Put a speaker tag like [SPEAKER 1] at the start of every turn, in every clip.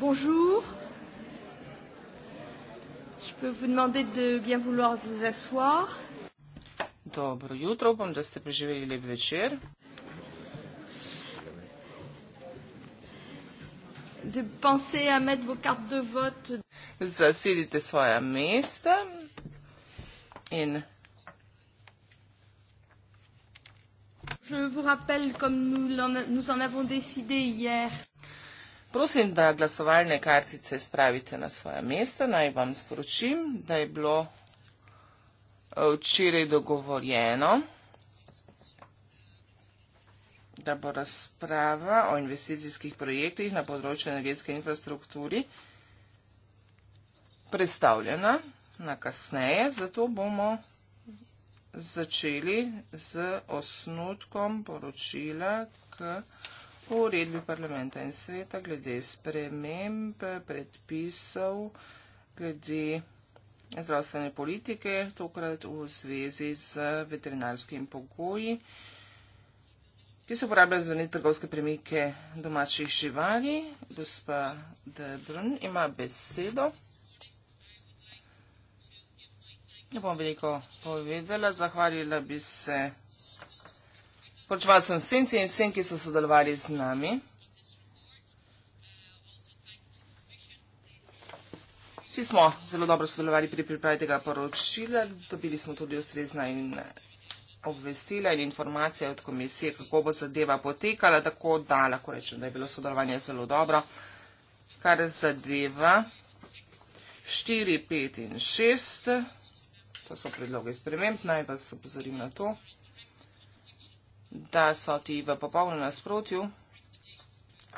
[SPEAKER 1] Bonjour.
[SPEAKER 2] Je peux vous demander de bien vouloir vous asseoir.
[SPEAKER 3] Dobro jutro, upam, da ste preživeli lep večer.
[SPEAKER 2] De penser à mettre vos cartes de vote.
[SPEAKER 3] Zasidite svoja mesta. In
[SPEAKER 2] Je vous rappelle comme nous, en, nous en avons décidé hier.
[SPEAKER 3] Prosim, da glasovalne kartice spravite na svoje mesto. Naj vam sporočim, da je bilo eh, včeraj dogovorjeno, da bo razprava o investicijskih projektih na področju energetske infrastrukturi predstavljena na kasneje. Zato bomo začeli z osnutkom poročila k po uredbi parlamenta in sveta glede sprememb predpisov glede zdravstvene politike, tokrat v zvezi z veterinarskimi pogoji, ki se uporabljajo za trgovske premike domačih živali. Gospa Debrun ima besedo. Ne bom veliko povedala, zahvalila bi se poročevalcem Senci in vsem, ki so sodelovali z nami. Vsi smo zelo dobro sodelovali pri pripravi tega poročila, dobili smo tudi ustrezna in obvestila in informacije od komisije, kako bo zadeva potekala, tako da lahko rečem, da je bilo sodelovanje zelo dobro. Kar zadeva 4, 5 in 6, to so predloge sprememb, naj vas opozorim na to da so ti v popolnem nasprotju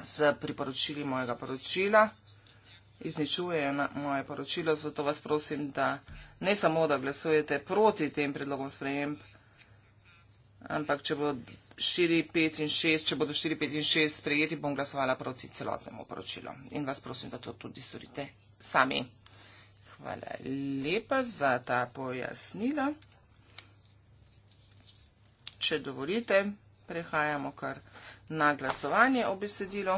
[SPEAKER 3] z priporočili mojega poročila, izničujejo moje poročilo, zato vas prosim, da ne samo, da glasujete proti tem predlogom sprejemb, ampak če bodo 4, 5 in 6, če bodo 4, 5 in 6 sprejeti, bom glasovala proti celotnemu poročilu. In vas prosim, da to tudi storite sami. Hvala lepa za ta pojasnila če dovolite, prehajamo kar na glasovanje o besedilo.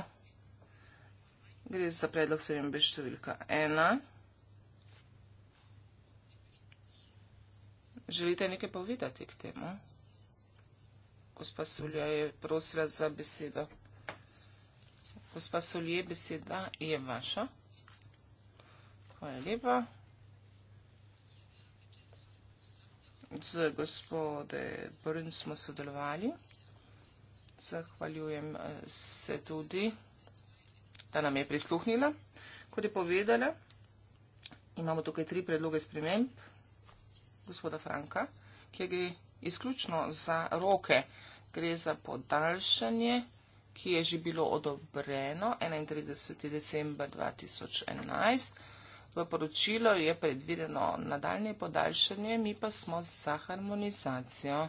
[SPEAKER 3] Gre za predlog spremembe številka 1. Želite nekaj povedati k temu? Gospa Solja je prosila za besedo. Gospa Solje, beseda je vaša. Hvala lepa. z gospode Brn smo sodelovali. Zahvaljujem eh, se tudi, da nam je prisluhnila. Kot je povedala, imamo tukaj tri predloge sprememb gospoda Franka, kjer gre izključno za roke. Gre za podaljšanje, ki je že bilo odobreno 31. decembra 2011. V poročilo je predvideno nadaljne podaljšanje, mi pa smo za harmonizacijo.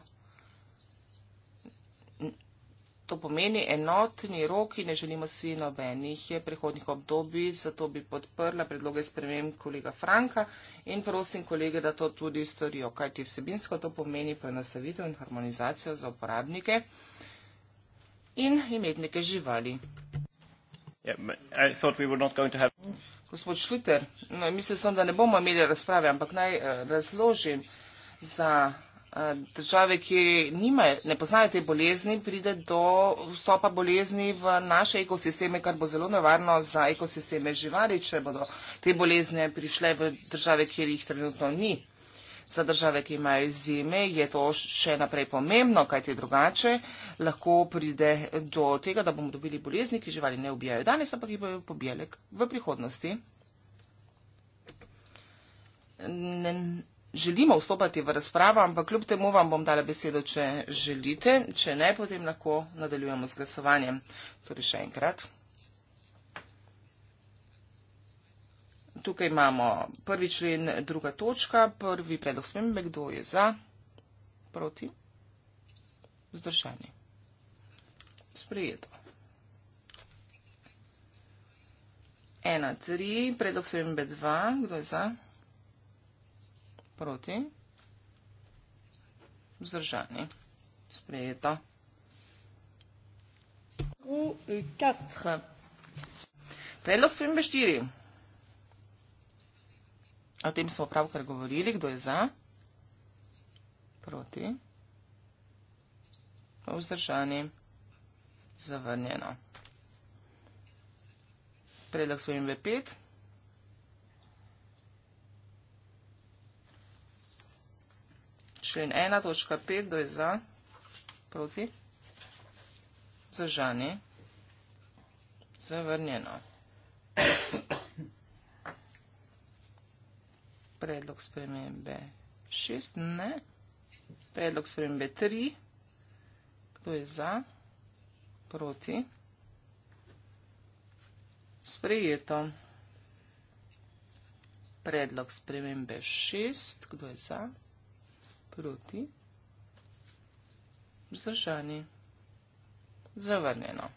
[SPEAKER 3] To pomeni enotni rok in ne želimo si nobenih prehodnih obdobij, zato bi podprla predloge sprememb kolega Franka in prosim kolege, da to tudi storijo, kajti vsebinsko to pomeni poenostavitev in harmonizacijo za uporabnike in imetnike živali. Yeah, Gospod Šluter, no, mislil sem, da ne bomo imeli razprave, ampak naj uh, razložim za uh, države, ki nimajo, ne poznajo te bolezni, pride do vstopa bolezni v naše ekosisteme, kar bo zelo nevarno za ekosisteme živali, če bodo te bolezni prišle v države, kjer jih trenutno ni. Za države, ki imajo izjeme, je to še naprej pomembno, kajti drugače lahko pride do tega, da bomo dobili bolezni, ki živali ne ubijajo danes, ampak jih bojo pobijali v prihodnosti. Ne želimo vstopati v razpravo, ampak kljub temu vam bom dala besedo, če želite. Če ne, potem lahko nadaljujemo z glasovanjem. Torej še enkrat. Tukaj imamo prvi člen, druga točka, prvi predlog smembe, kdo je za, proti, vzdržani. Sprejeto. 1, 3, predlog smembe 2, kdo je za, proti, vzdržani. Sprejeto. 4. Euh, predlog smembe 4. O tem smo pravkar govorili, kdo je za, proti, vzdržani, zavrnjeno. Predlog svojim V5. Člen 1.5, kdo je za, proti, vzdržani, zavrnjeno. Zavrnjeno predlog spremembe 6, ne, predlog spremembe 3, kdo je za, proti, sprejeto, predlog spremembe 6, kdo je za, proti, vzdržani, zavrnjeno.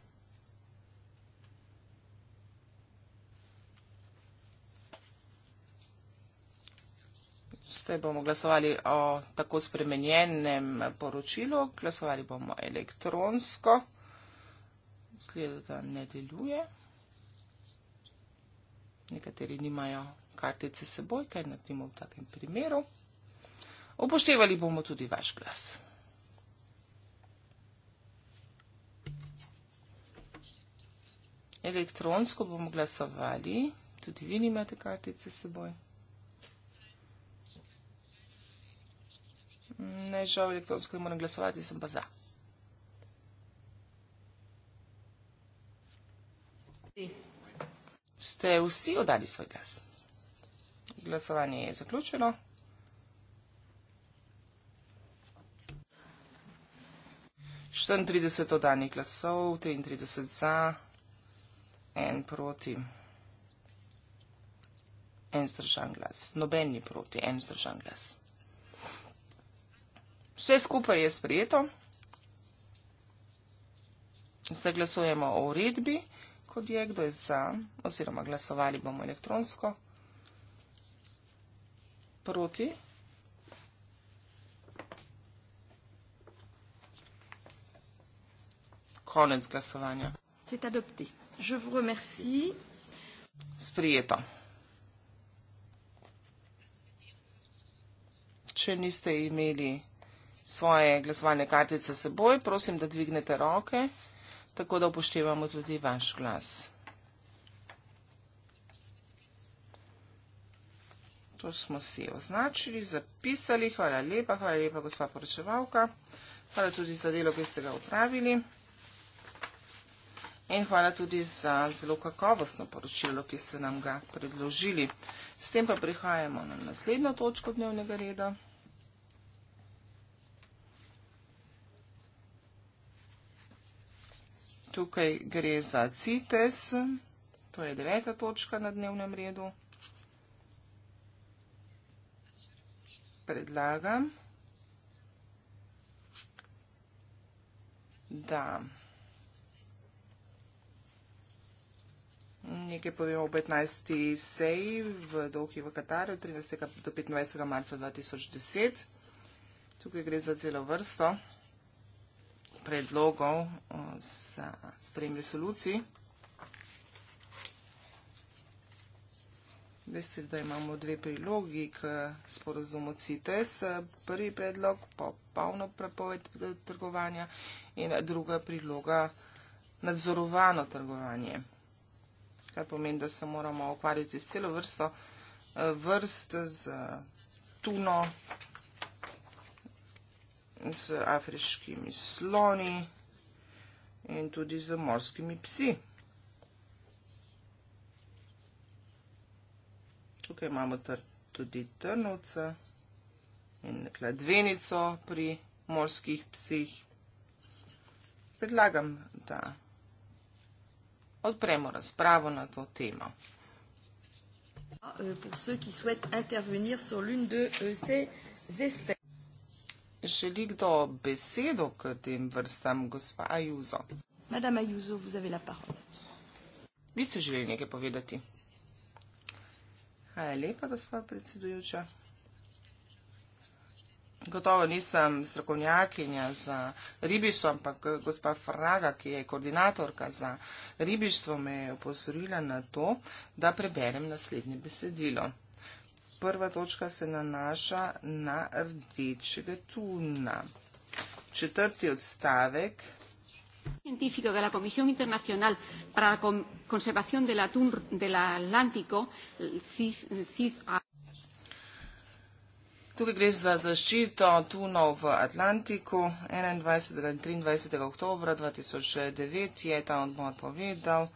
[SPEAKER 3] Ste bomo glasovali o tako spremenjenem poročilu, glasovali bomo elektronsko. Zgleda, da ne deluje. Nekateri nimajo kartice seboj, kaj na tem v takem primeru. Upoštevali bomo tudi vaš glas. Elektronsko bomo glasovali, tudi vi nimate kartice seboj. Ne, žal, elektronsko ne morem glasovati, sem pa za. Ste vsi oddali svoj glas? Glasovanje je zaključeno. Štem 30 oddanih glasov, 33 za, en proti, en zdržan glas. Noben ni proti, en zdržan glas. Vse skupaj je sprejeto. Se glasujemo o uredbi, kot je, kdo je za, oziroma glasovali bomo elektronsko. Proti. Konec glasovanja. Sprijeto. Če niste imeli svoje glasovalne kartice seboj, prosim, da dvignete roke, tako da upoštevamo tudi vaš glas. To smo si označili, zapisali. Hvala lepa, hvala lepa, gospa poročevalka. Hvala tudi za delo, ki ste ga upravili. In hvala tudi za zelo kakovostno poročilo, ki ste nam ga predložili. S tem pa prihajamo na naslednjo točko dnevnega reda. tukaj gre za CITES, to je deveta točka na dnevnem redu. Predlagam, da nekaj povemo o 15. seji v Dohi v Katarju 13. do 25. marca 2010. Tukaj gre za celo vrsto predlogov eh, za sprejem resolucij. Veste, da imamo dve prilogi k sporozumu CITES. Prvi predlog pa polno prepoved trgovanja in druga priloga nadzorovano trgovanje. Kar pomeni, da se moramo ukvarjati s celo vrsto eh, vrst z tuno, z afriškimi sloni in tudi z morskimi psi. Tukaj imamo tudi trnovca in kladvenico pri morskih psih. Predlagam, da odpremo razpravo na to temo.
[SPEAKER 2] Ah, euh, pour ceux qui souhaitent intervenir sur l'une de euh, ces espèces
[SPEAKER 3] želi kdo besedo k tem vrstam, gospa Juzo?
[SPEAKER 2] Madame Juzo, vous avez la parole.
[SPEAKER 3] Vi ste želeli nekaj povedati. Hvala lepa,
[SPEAKER 2] gospa predsedujoča.
[SPEAKER 3] Gotovo nisem strokovnjakinja za ribištvo, ampak gospa Fraga, ki je koordinatorka za ribištvo, me je opozorila na to, da preberem naslednje besedilo prva točka se nanaša na rdečega tuna. Četrti odstavek.
[SPEAKER 1] Científico de la Comisión Internacional para la Conservación del Atún del Atlántico, CISA.
[SPEAKER 3] Tukaj gre za zaščito tunov v Atlantiku. 21. in 23. oktober 2009 je ta odbor povedal,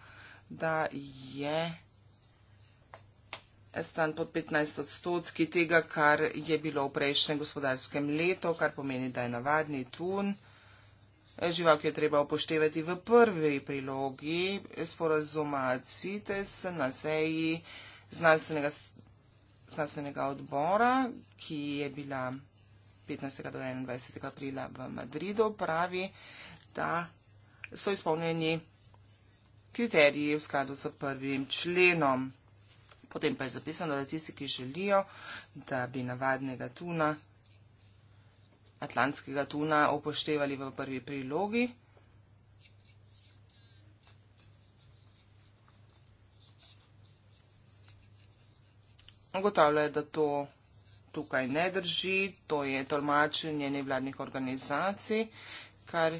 [SPEAKER 3] da je stan pod 15 odstotki tega, kar je bilo v prejšnjem gospodarskem letu, kar pomeni, da je navadni tun. Žival, ki jo treba upoštevati v prvi prilogi sporazuma CITES na seji znanstvenega, znanstvenega odbora, ki je bila 15. do 21. aprila v Madridu, pravi, da so izpolnjeni kriteriji v skladu s prvim členom. Potem pa je zapisano, da tisti, ki želijo, da bi navadnega tuna, atlantskega tuna, upoštevali v prvi prilogi. Ugotavljajo, da to tukaj ne drži, to je tolmačenje nevladnih organizacij, kar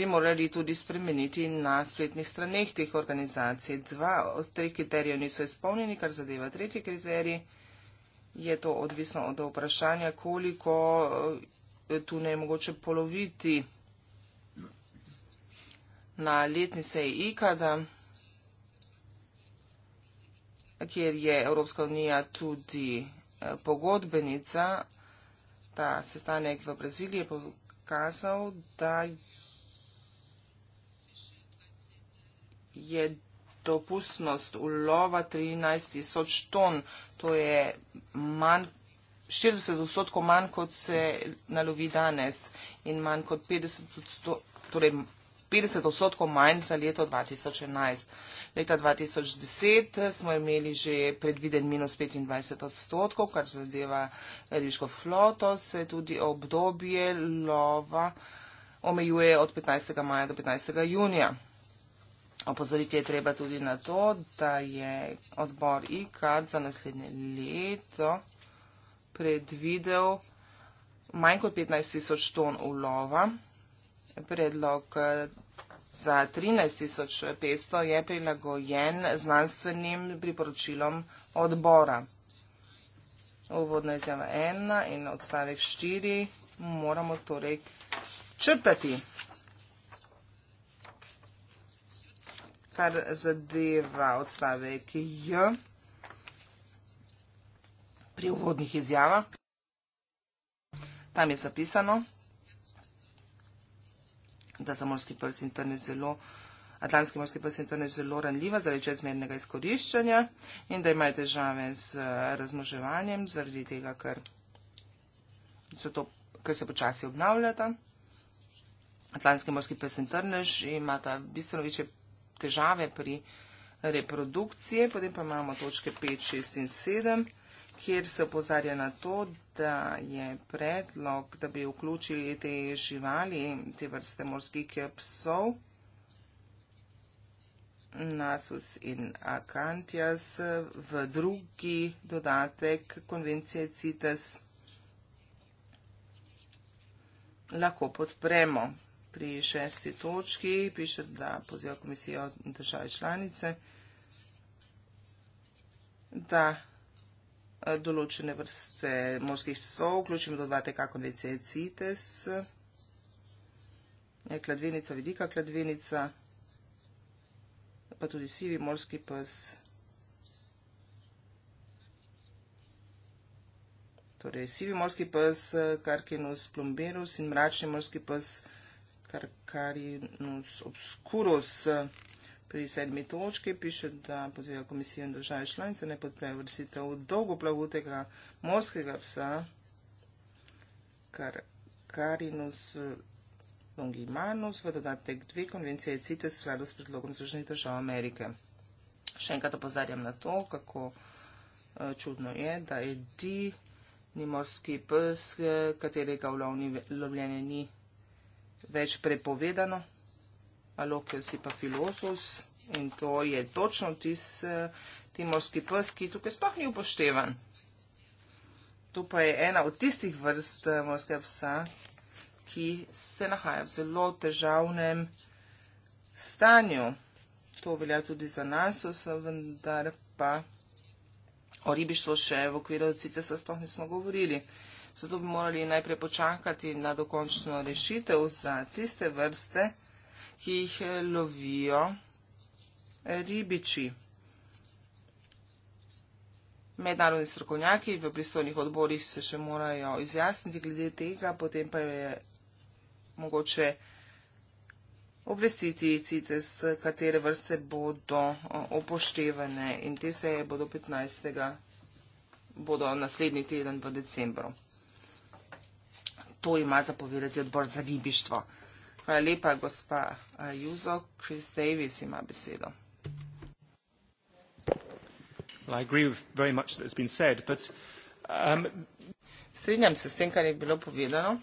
[SPEAKER 3] bi morali tudi spremeniti na spletnih straneh teh organizacij. Dva od treh kriterijev niso izpolnjeni, kar zadeva tretji kriterij. Je to odvisno od vprašanja, koliko eh, tu ne je mogoče poloviti na letni seji IKAD, kjer je Evropska unija tudi eh, pogodbenica. Ta sestanek v Braziliji je pokazal, da je. je dopustnost ulova 13 tisoč ton. To je manj, 40 odstotkov manj, kot se nalovi danes in manj kot 50 odstotkov. Torej 50 odstotkov manj za leto 2011. Leta 2010 smo imeli že predviden minus 25 odstotkov, kar zadeva ribiško floto, se tudi obdobje lova omejuje od 15. maja do 15. junija. Opozoriti je treba tudi na to, da je odbor IKAD za naslednje leto predvidel manj kot 15 tisoč ton ulova. Predlog za 13 tisoč 500 je prilagojen znanstvenim priporočilom odbora. Uvodna izjava 1 in odstavek 4 moramo torej črtati. kar zadeva odstavek J pri uvodnih izjavah. Tam je zapisano, da so morski prsi in trni zelo. Atlantski morski pes je torej zelo ranljiva zaradi čezmernega izkoriščanja in da imajo težave z eh, razmoževanjem, zaradi tega, ker, zato, ker se počasi obnavljata. Atlantski morski pes in trnež imata bistveno večje težave pri reprodukciji. Potem pa imamo točke 5, 6 in 7, kjer se opozarja na to, da je predlog, da bi vključili te živali, te vrste morskih psov, Nasus in Akantjas, v drugi dodatek konvencije CITES lahko podpremo pri šesti točki piše, da poziva komisijo države članice, da eh, določene vrste morskih psov, vključimo do dvate kakonice CITES, eh, kladvinica, vidika kladvinica, pa tudi sivi morski pes, torej sivi morski pes, karkinus eh, plumbirus in mračni morski pes, kladvinica, Karkarinus Obscurus eh, pri sedmi točki piše, da poziva komisijo in države članice ne podprejo vrsitev dolgoplavutega morskega psa Karkarinus Longimanus v dodatek dve konvencije CITES v skladu s predlogom Združenih držav Amerike. Še enkrat opozarjam na to, kako eh, čudno je, da je di ni morski pes, eh, katerega v lovljenje ni več prepovedano, alokelsi pa filosus in to je točno tist eh, timorski pes, ki tukaj sploh ni upoštevan. Tu pa je ena od tistih vrst eh, morskega psa, ki se nahaja v zelo težavnem stanju. To velja tudi za nas, vendar pa o ribištvu še v okviru CITES-a sploh nismo govorili zato bi morali najprej počakati na dokončno rešitev za tiste vrste, ki jih eh, lovijo eh, ribiči. Mednarodni strokovnjaki v pristojnih odborih se še morajo izjasniti glede tega, potem pa je mogoče obvestiti CITES, katere vrste bodo eh, upoštevane in te seje bodo 15. bodo naslednji teden v decembru to ima zapovedati odbor za ribištvo. Hvala lepa, gospa Juzo. Chris Davis ima besedo. Um, Strinjam se s tem, kar je bilo povedano.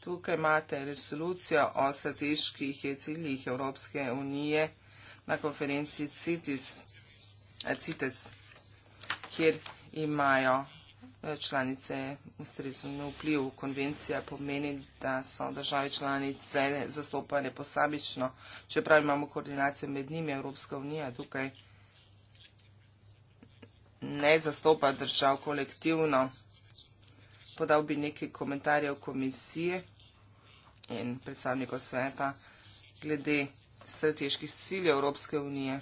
[SPEAKER 3] Tukaj imate resolucijo o strateških ciljih Evropske unije na konferenci CITES, kjer imajo Eh, članice ustrezno na vpliv. Konvencija pomeni, da so države članice zastopane posamično, čeprav imamo koordinacijo med njimi, Evropska unija tukaj ne zastopa držav kolektivno. Podal bi nekaj komentarjev komisije in predstavnikov sveta glede strateških ciljev Evropske unije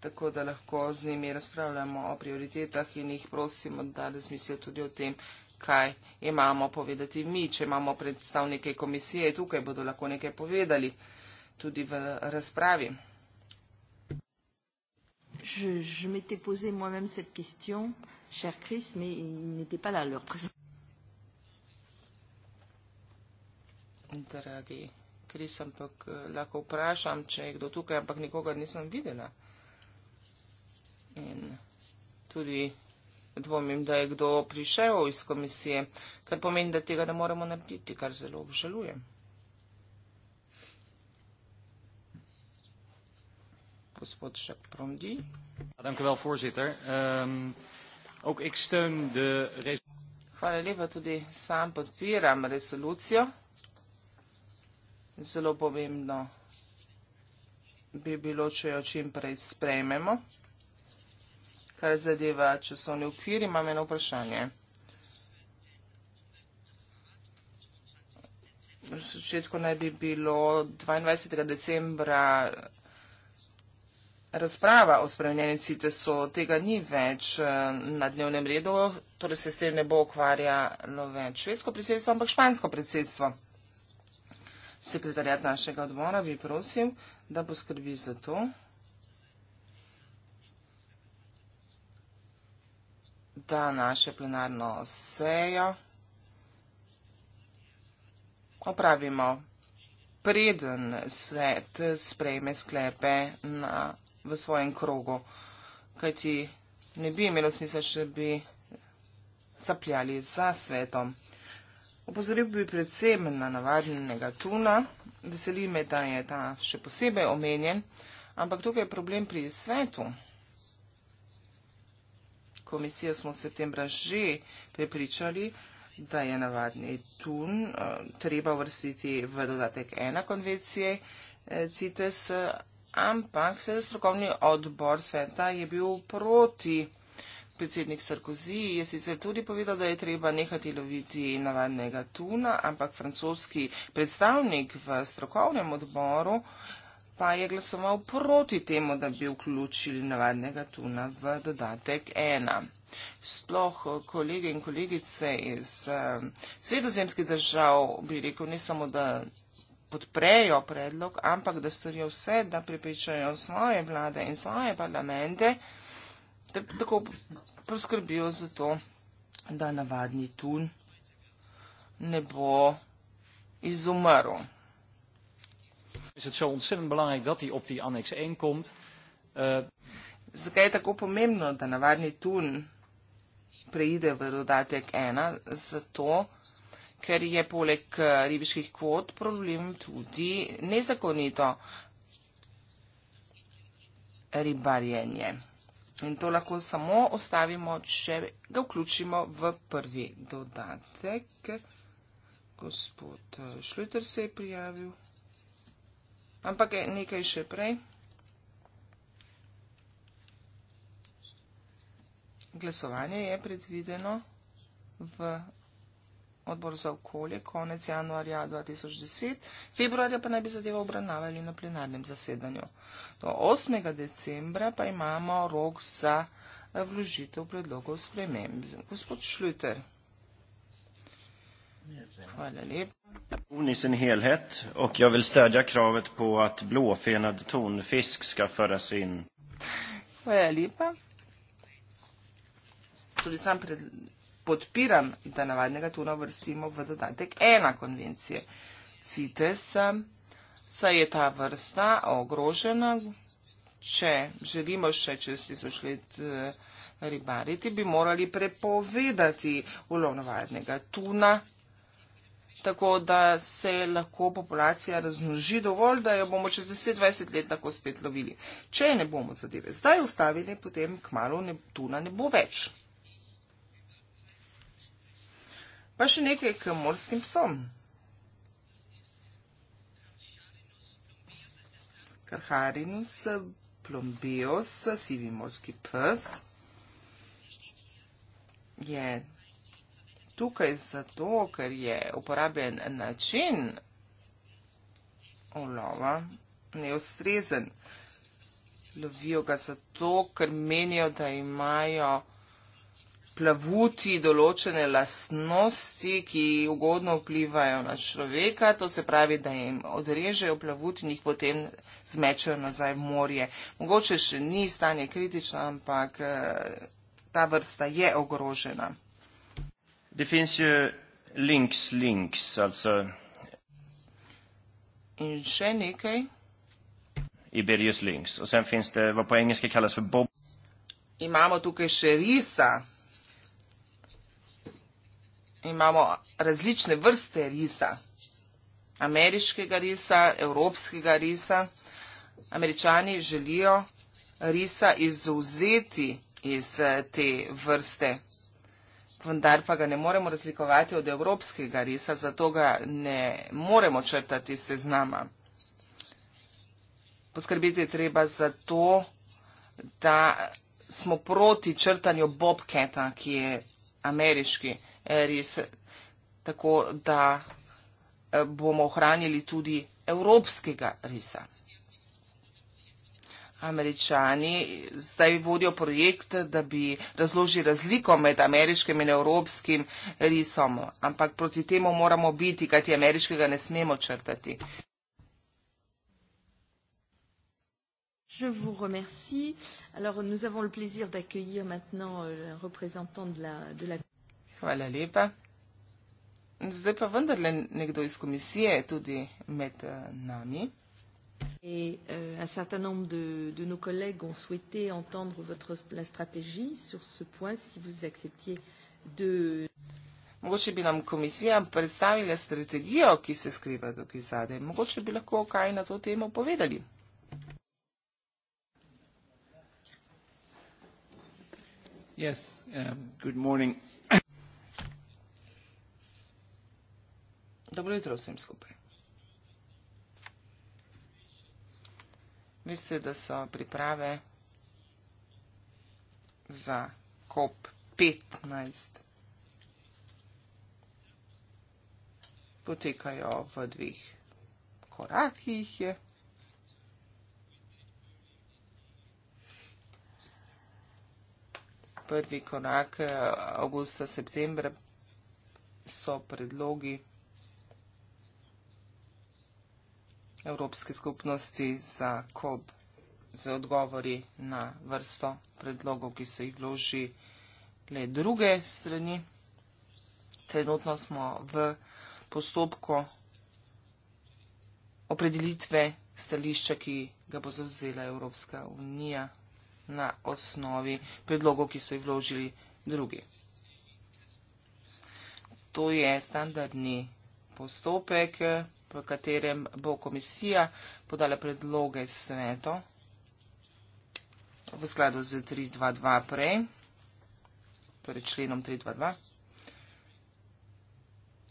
[SPEAKER 3] tako da lahko z njimi razpravljamo o prioritetah in jih prosimo, da razmislijo tudi o tem, kaj imamo povedati mi. Če imamo predstavnike komisije, tukaj bodo lahko nekaj povedali tudi v razpravi. Dragi Kris, ampak eh, lahko vprašam, če je kdo tukaj, ampak nikogar nisem videla in tudi dvomim, da je kdo prišel iz komisije, kar pomeni, da tega ne moremo narediti, kar zelo obžalujem. Gospod Šek Promdi. Dank u wel, voorzitter. Um, ook ik steun de Hvala lepa, tudi sam podpiram resolucijo. Zelo pomembno bi bilo, če jo čim prej sprejmemo kar zadeva časovni okvir, imam eno vprašanje. V začetku naj bi bilo 22. decembra razprava o spremenjeni CITES-u, tega ni več eh, na dnevnem redu, torej se s tem ne bo ukvarjalo več švedsko predsedstvo, ampak špansko predsedstvo. Sekretarjat našega odbora bi prosil, da poskrbi za to. današnjo plenarno sejo opravimo preden svet sprejme sklepe na, v svojem krogu, kajti ne bi imelo smisla, če bi capljali za svetom. Opozoril bi predvsem na navadnega tuna. Veseli me, da je ta še posebej omenjen, ampak tukaj je problem pri svetu komisijo smo septembra že prepričali, da je navadni tun eh, treba vrstiti v dodatek ena konvencije eh, CITES, ampak se strokovni odbor sveta je bil proti. Predsednik Sarkozy je sicer tudi povedal, da je treba nehati loviti navadnega tuna, ampak francoski predstavnik v strokovnem odboru pa je glasoval proti temu, da bi vključili navadnega tuna v dodatek 1. Sploh eh, kolege in kolegice iz uh, sredozemskih držav bi rekel ne samo, da podprejo predlog, ampak da storijo vse, da pripričajo svoje vlade in svoje parlamente, da tako poskrbijo za to, da navadni tun ne bo izumrl is het zo ontzettend belangrijk dat hij op die annex 1 komt. Eh, Zakaj je tako pomembno, da navadni tun preide v dodatek 1? Zato, ker je poleg eh, ribiških kvot problem tudi nezakonito ribarjenje. In to lahko samo ostavimo, če ga vključimo v prvi dodatek. Gospod eh, Šluter se je prijavil. Ampak nekaj še prej. Glasovanje je predvideno v odbor za okolje konec januarja 2010, februarja pa naj bi zadevo obravnavali na plenarnem zasedanju. Do 8. decembra pa imamo rok za vložitev predlogov sprememb. Gospod Šluter sin helhet och jag vill stödja kravet på att blåfenad tonfisk ska föras in. Tudi sam pred, podpiram, da navadnega tuna vrstimo v dodatek ena konvencije. CITES, um, saj je ta vrsta ogrožena. Če želimo še čez tisoč let uh, ribariti, bi morali prepovedati ulov navadnega tuna tako da se lahko populacija raznoži dovolj, da jo bomo čez 10-20 let lahko spet lovili. Če ne bomo zadeve zdaj ustavili, potem kmalo ne, tuna ne bo več. Pa še nekaj k morskim psom. Karharinus plombios, sivi morski pes, je tukaj zato, ker je uporabljen način ulova neustrezen. Lovijo ga zato, ker menijo, da imajo plavuti določene lastnosti, ki ugodno vplivajo na človeka, to se pravi, da jim odrežejo plavuti in jih potem zmečajo nazaj v morje. Mogoče še ni stanje kritično, ampak eh, ta vrsta je ogrožena. Det finns ju links, links, alltså... In Shenikei. Iberius lynx. Och sen finns det vad
[SPEAKER 2] på engelska kallas för bob...
[SPEAKER 3] Imamo tuke sherisa. Imamo različne vrste risa. Ameriškega risa, evropskega risa. Američani želijo risa izuzeti iz eh, te vrste vendar pa ga ne moremo razlikovati od evropskega risa, zato ga ne moremo črtati iz seznama. Poskrbiti je treba za to, da smo proti črtanju bobketa, ki je ameriški ris, tako da eh, bomo ohranili tudi evropskega risa američani zdaj vodijo projekt, da bi razložili razliko med ameriškim in evropskim risom, ampak proti temu moramo biti, kajti ameriškega ne smemo
[SPEAKER 2] črtati. Je vous remercie. Alors, nous avons le plaisir d'accueillir maintenant un euh, représentant de la, de la...
[SPEAKER 3] Hvala lepa. Zdaj pa vendarle nekdo iz komisije je tudi
[SPEAKER 2] med eh, nami. Et euh, un certain nombre de, de nos collègues ont souhaité entendre votre, la stratégie sur ce point, si vous acceptiez de.
[SPEAKER 3] Mogoče bi nam komisija predstavila strategijo, ki se skriva tukaj zadaj. Mogoče bi lahko kaj na to temo povedali. Yes, um, Dobro jutro vsem skupaj. Veste, da so priprave za kop 15 potekajo v dveh korakih. Prvi korak, eh, avgusta, septembra so predlogi. Evropske skupnosti za COB za odgovori na vrsto predlogov, ki se jih vloži le druge strani. Trenutno smo v postopku opredelitve stališča, ki ga bo zavzela Evropska unija na osnovi predlogov, ki so jih vložili drugi. To je standardni postopek v katerem bo komisija podala predloge svetu v skladu z 3.2.2 prej, torej členom 3.2.2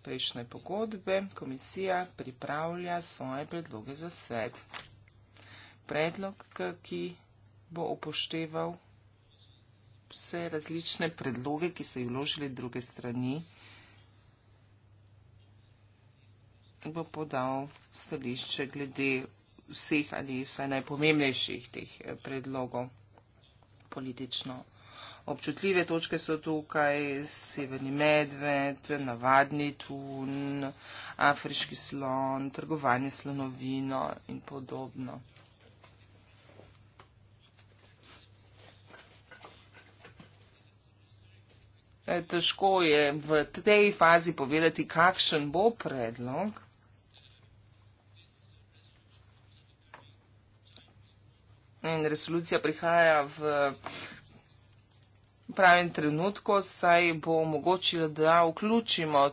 [SPEAKER 3] prejšnje pogodbe, komisija pripravlja svoje predloge za svet. Predlog, ki bo upošteval vse različne predloge, ki so jih vložili druge strani, bo podal stališče glede vseh ali vsaj najpomembnejših teh eh, predlogov. Politično občutljive točke so tukaj severni medved, navadni tun, afriški slon, trgovanje slonovino in podobno. Eh, težko je v tej fazi povedati, kakšen bo predlog, In resolucija prihaja v pravem trenutku, saj bo omogočila, da vključimo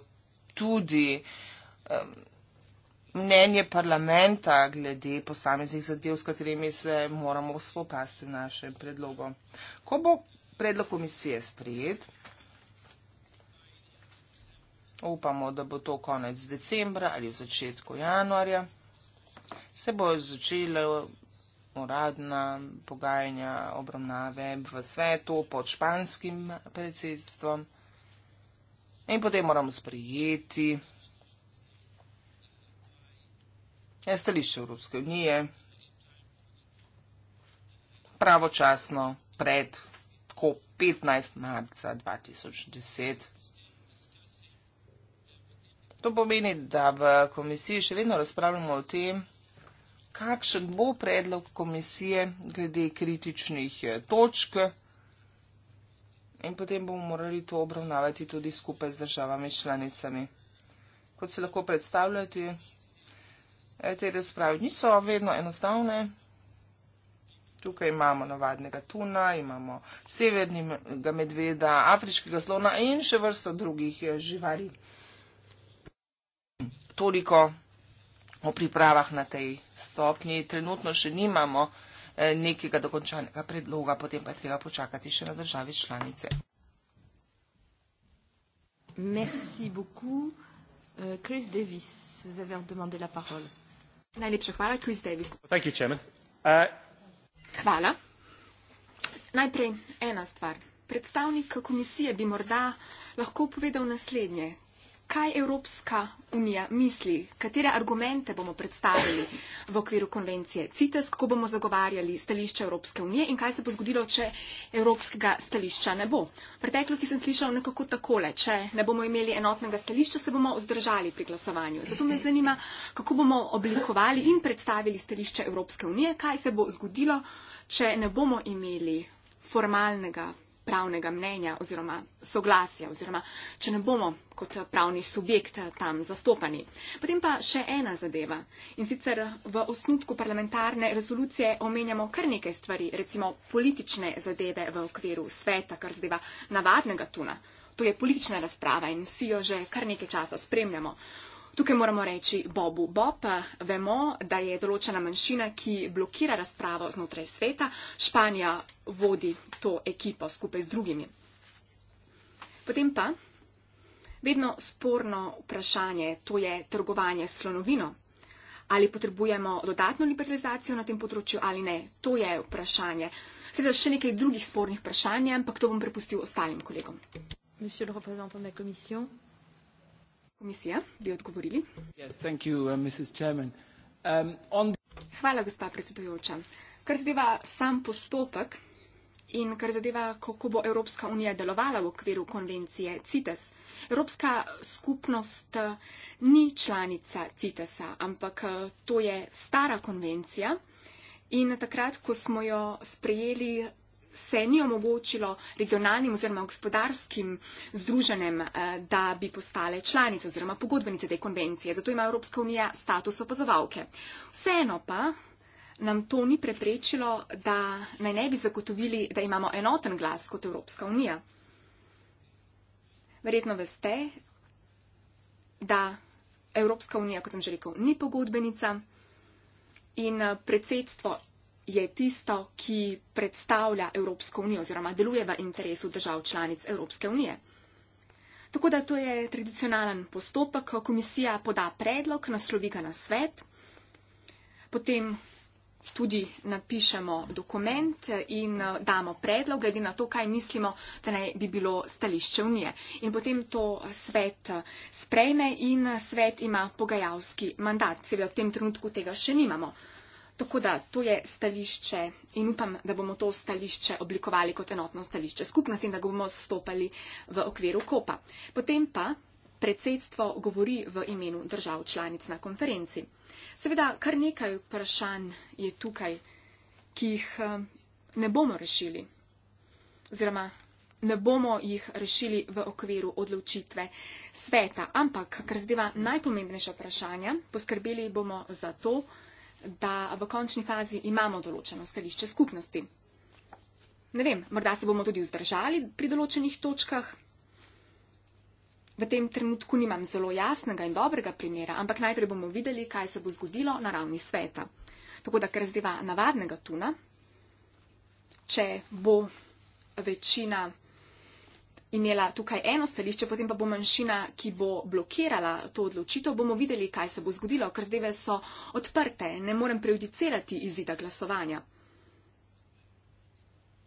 [SPEAKER 3] tudi mnenje parlamenta glede posameznih zadev, s katerimi se moramo spopasti v našem predlogu. Ko bo predlog komisije sprejet, upamo, da bo to konec decembra ali v začetku januarja, se bo začelo uradna pogajanja, obravnave v svetu pod španskim predsedstvom. In potem moramo sprijeti eh, stališče Evropske unije pravočasno pred tako 15. marca 2010. To pomeni, da v komisiji še vedno razpravljamo o tem, kakšen bo predlog komisije glede kritičnih eh, točk. In potem bomo morali to obravnavati tudi skupaj z državami članicami. Kot se lahko predstavljati, eh, te razprave niso vedno enostavne. Tukaj imamo navadnega tuna, imamo severnega medveda, afriškega slona in še vrsto drugih eh, živali. Toliko o pripravah na tej stopnji. Trenutno še nimamo eh, nekega dokončanega predloga, potem pa je treba počakati še na države članice.
[SPEAKER 2] Merci beaucoup. Euh, Chris Davis, vous avez demandé la parole.
[SPEAKER 1] Najlepša hvala, Chris Davis.
[SPEAKER 3] Thank you, Chairman. Uh...
[SPEAKER 1] Hvala. Najprej ena stvar. Predstavnik komisije bi morda lahko povedal naslednje kaj Evropska unija misli, katere argumente bomo predstavili v okviru konvencije CITES, kako bomo zagovarjali stališče Evropske unije in kaj se bo zgodilo, če evropskega stališča ne bo. V preteklosti sem slišal nekako takole, če ne bomo imeli enotnega stališča, se bomo vzdržali pri glasovanju. Zato me zanima, kako bomo oblikovali in predstavili stališče Evropske unije, kaj se bo zgodilo, če ne bomo imeli formalnega pravnega mnenja oziroma soglasja oziroma če ne bomo kot pravni subjekt tam zastopani. Potem pa še ena zadeva. In sicer v osnutku parlamentarne resolucije omenjamo kar nekaj stvari, recimo politične zadeve v okviru sveta, kar zadeva navadnega tuna. To je politična razprava in vsi jo že kar nekaj časa spremljamo. Tukaj moramo reči Bobu Bob, vemo, da je določena manjšina, ki blokira razpravo znotraj sveta. Španija vodi to ekipo skupaj z drugimi. Potem pa vedno sporno vprašanje, to je trgovanje slonovino. Ali potrebujemo dodatno liberalizacijo na tem področju ali ne? To je vprašanje. Seveda še nekaj drugih spornih vprašanj, ampak to bom prepustil ostalim kolegom. Monsieur le représentant de la Commission komisija bi odgovorili. Uh, um, Hvala, gospa predsedujoča. Kar zadeva sam postopek in kar zadeva, kako bo Evropska unija delovala v okviru konvencije CITES. Evropska skupnost uh, ni članica CITES-a, ampak uh, to je stara konvencija. In takrat, ko smo jo sprejeli, se ni omogočilo regionalnim oziroma gospodarskim združenem, eh, da bi postale članice oziroma pogodbenice te konvencije. Zato ima Evropska unija status opazovalke. Vseeno pa nam to ni preprečilo, da naj ne bi zagotovili, da imamo enoten glas kot Evropska unija. Verjetno veste, da Evropska unija, kot sem že rekel, ni pogodbenica in eh, predsedstvo je tisto, ki predstavlja Evropsko unijo oziroma deluje v interesu držav članic Evropske unije. Tako da to je tradicionalen postopek, ko komisija poda predlog, naslovi ga na svet, potem tudi napišemo dokument in eh, damo predlog, glede na to, kaj mislimo, da naj bi bilo stališče unije. In potem to svet eh, sprejme in eh, svet ima pogajalski mandat. Seveda v tem trenutku tega še nimamo. Tako da to je stališče in upam, da bomo to stališče oblikovali kot enotno stališče skupnosti in da ga bomo stopali v okviru kopa. Potem pa predsedstvo govori v imenu držav članic na konferenci. Seveda, kar nekaj vprašanj je tukaj, ki jih eh, ne bomo rešili oziroma ne bomo jih rešili v okviru odločitve sveta, ampak, kar zdeva najpomembnejša vprašanja, poskrbeli bomo za to, da v končni fazi imamo določeno stališče skupnosti. Ne vem, morda se bomo tudi vzdržali pri določenih točkah. V tem trenutku nimam zelo jasnega in dobrega primera, ampak najprej bomo videli, kaj se bo zgodilo na ravni sveta. Tako da, ker zdiva navadnega tuna, če bo večina imela tukaj eno stališče, potem pa bo manjšina, ki bo blokirala to odločitev, bomo videli, kaj se bo zgodilo, ker zdeve so odprte, ne morem prejudicirati izida glasovanja.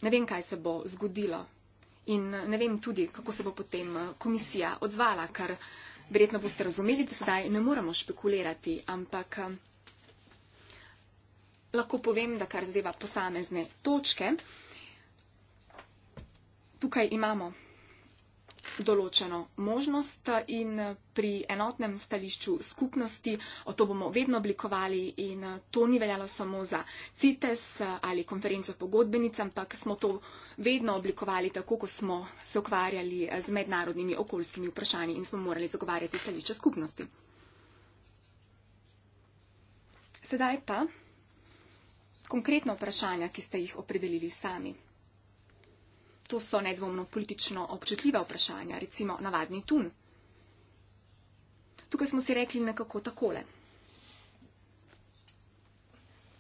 [SPEAKER 1] Ne vem, kaj se bo zgodilo in ne vem tudi, kako se bo potem komisija odzvala, ker verjetno boste razumeli, da sedaj ne moremo špekulirati, ampak um, lahko povem, da kar zadeva posamezne točke. Tukaj imamo določeno možnost in pri enotnem stališču skupnosti, o to bomo vedno oblikovali in to ni veljalo samo za CITES ali konferenco pogodbenic, ampak smo to vedno oblikovali tako, ko smo se ukvarjali z mednarodnimi okoljskimi vprašanji in smo morali zagovarjati stališče skupnosti. Sedaj pa konkretno vprašanja, ki ste jih opredelili sami. To so nedvomno politično občutljiva vprašanja, recimo navadni tun. Tukaj smo si rekli nekako takole.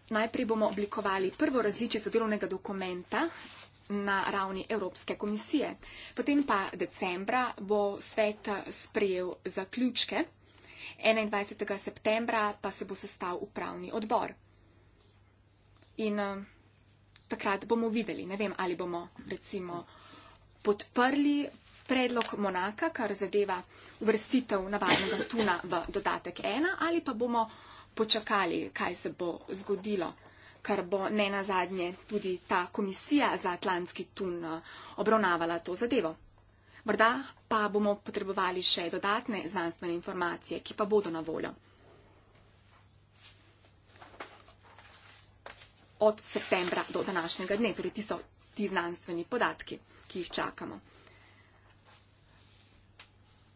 [SPEAKER 1] Najprej bomo oblikovali prvo različico delovnega dokumenta na ravni Evropske komisije. Potem pa decembra bo svet sprejel zaključke. 21. septembra pa se bo sestal upravni odbor. In eh, takrat bomo videli. Ne vem, ali bomo recimo podprli predlog Monaka, kar zadeva uvrstitev navadnega tuna v dodatek ena, ali pa bomo počakali, kaj se bo zgodilo, kar bo ne nazadnje tudi ta komisija za atlantski tun eh, obravnavala to zadevo. Morda pa bomo potrebovali še dodatne znanstvene informacije, ki pa bodo na voljo. od septembra do današnjega dne. Torej, ti so ti znanstveni podatki, ki jih čakamo.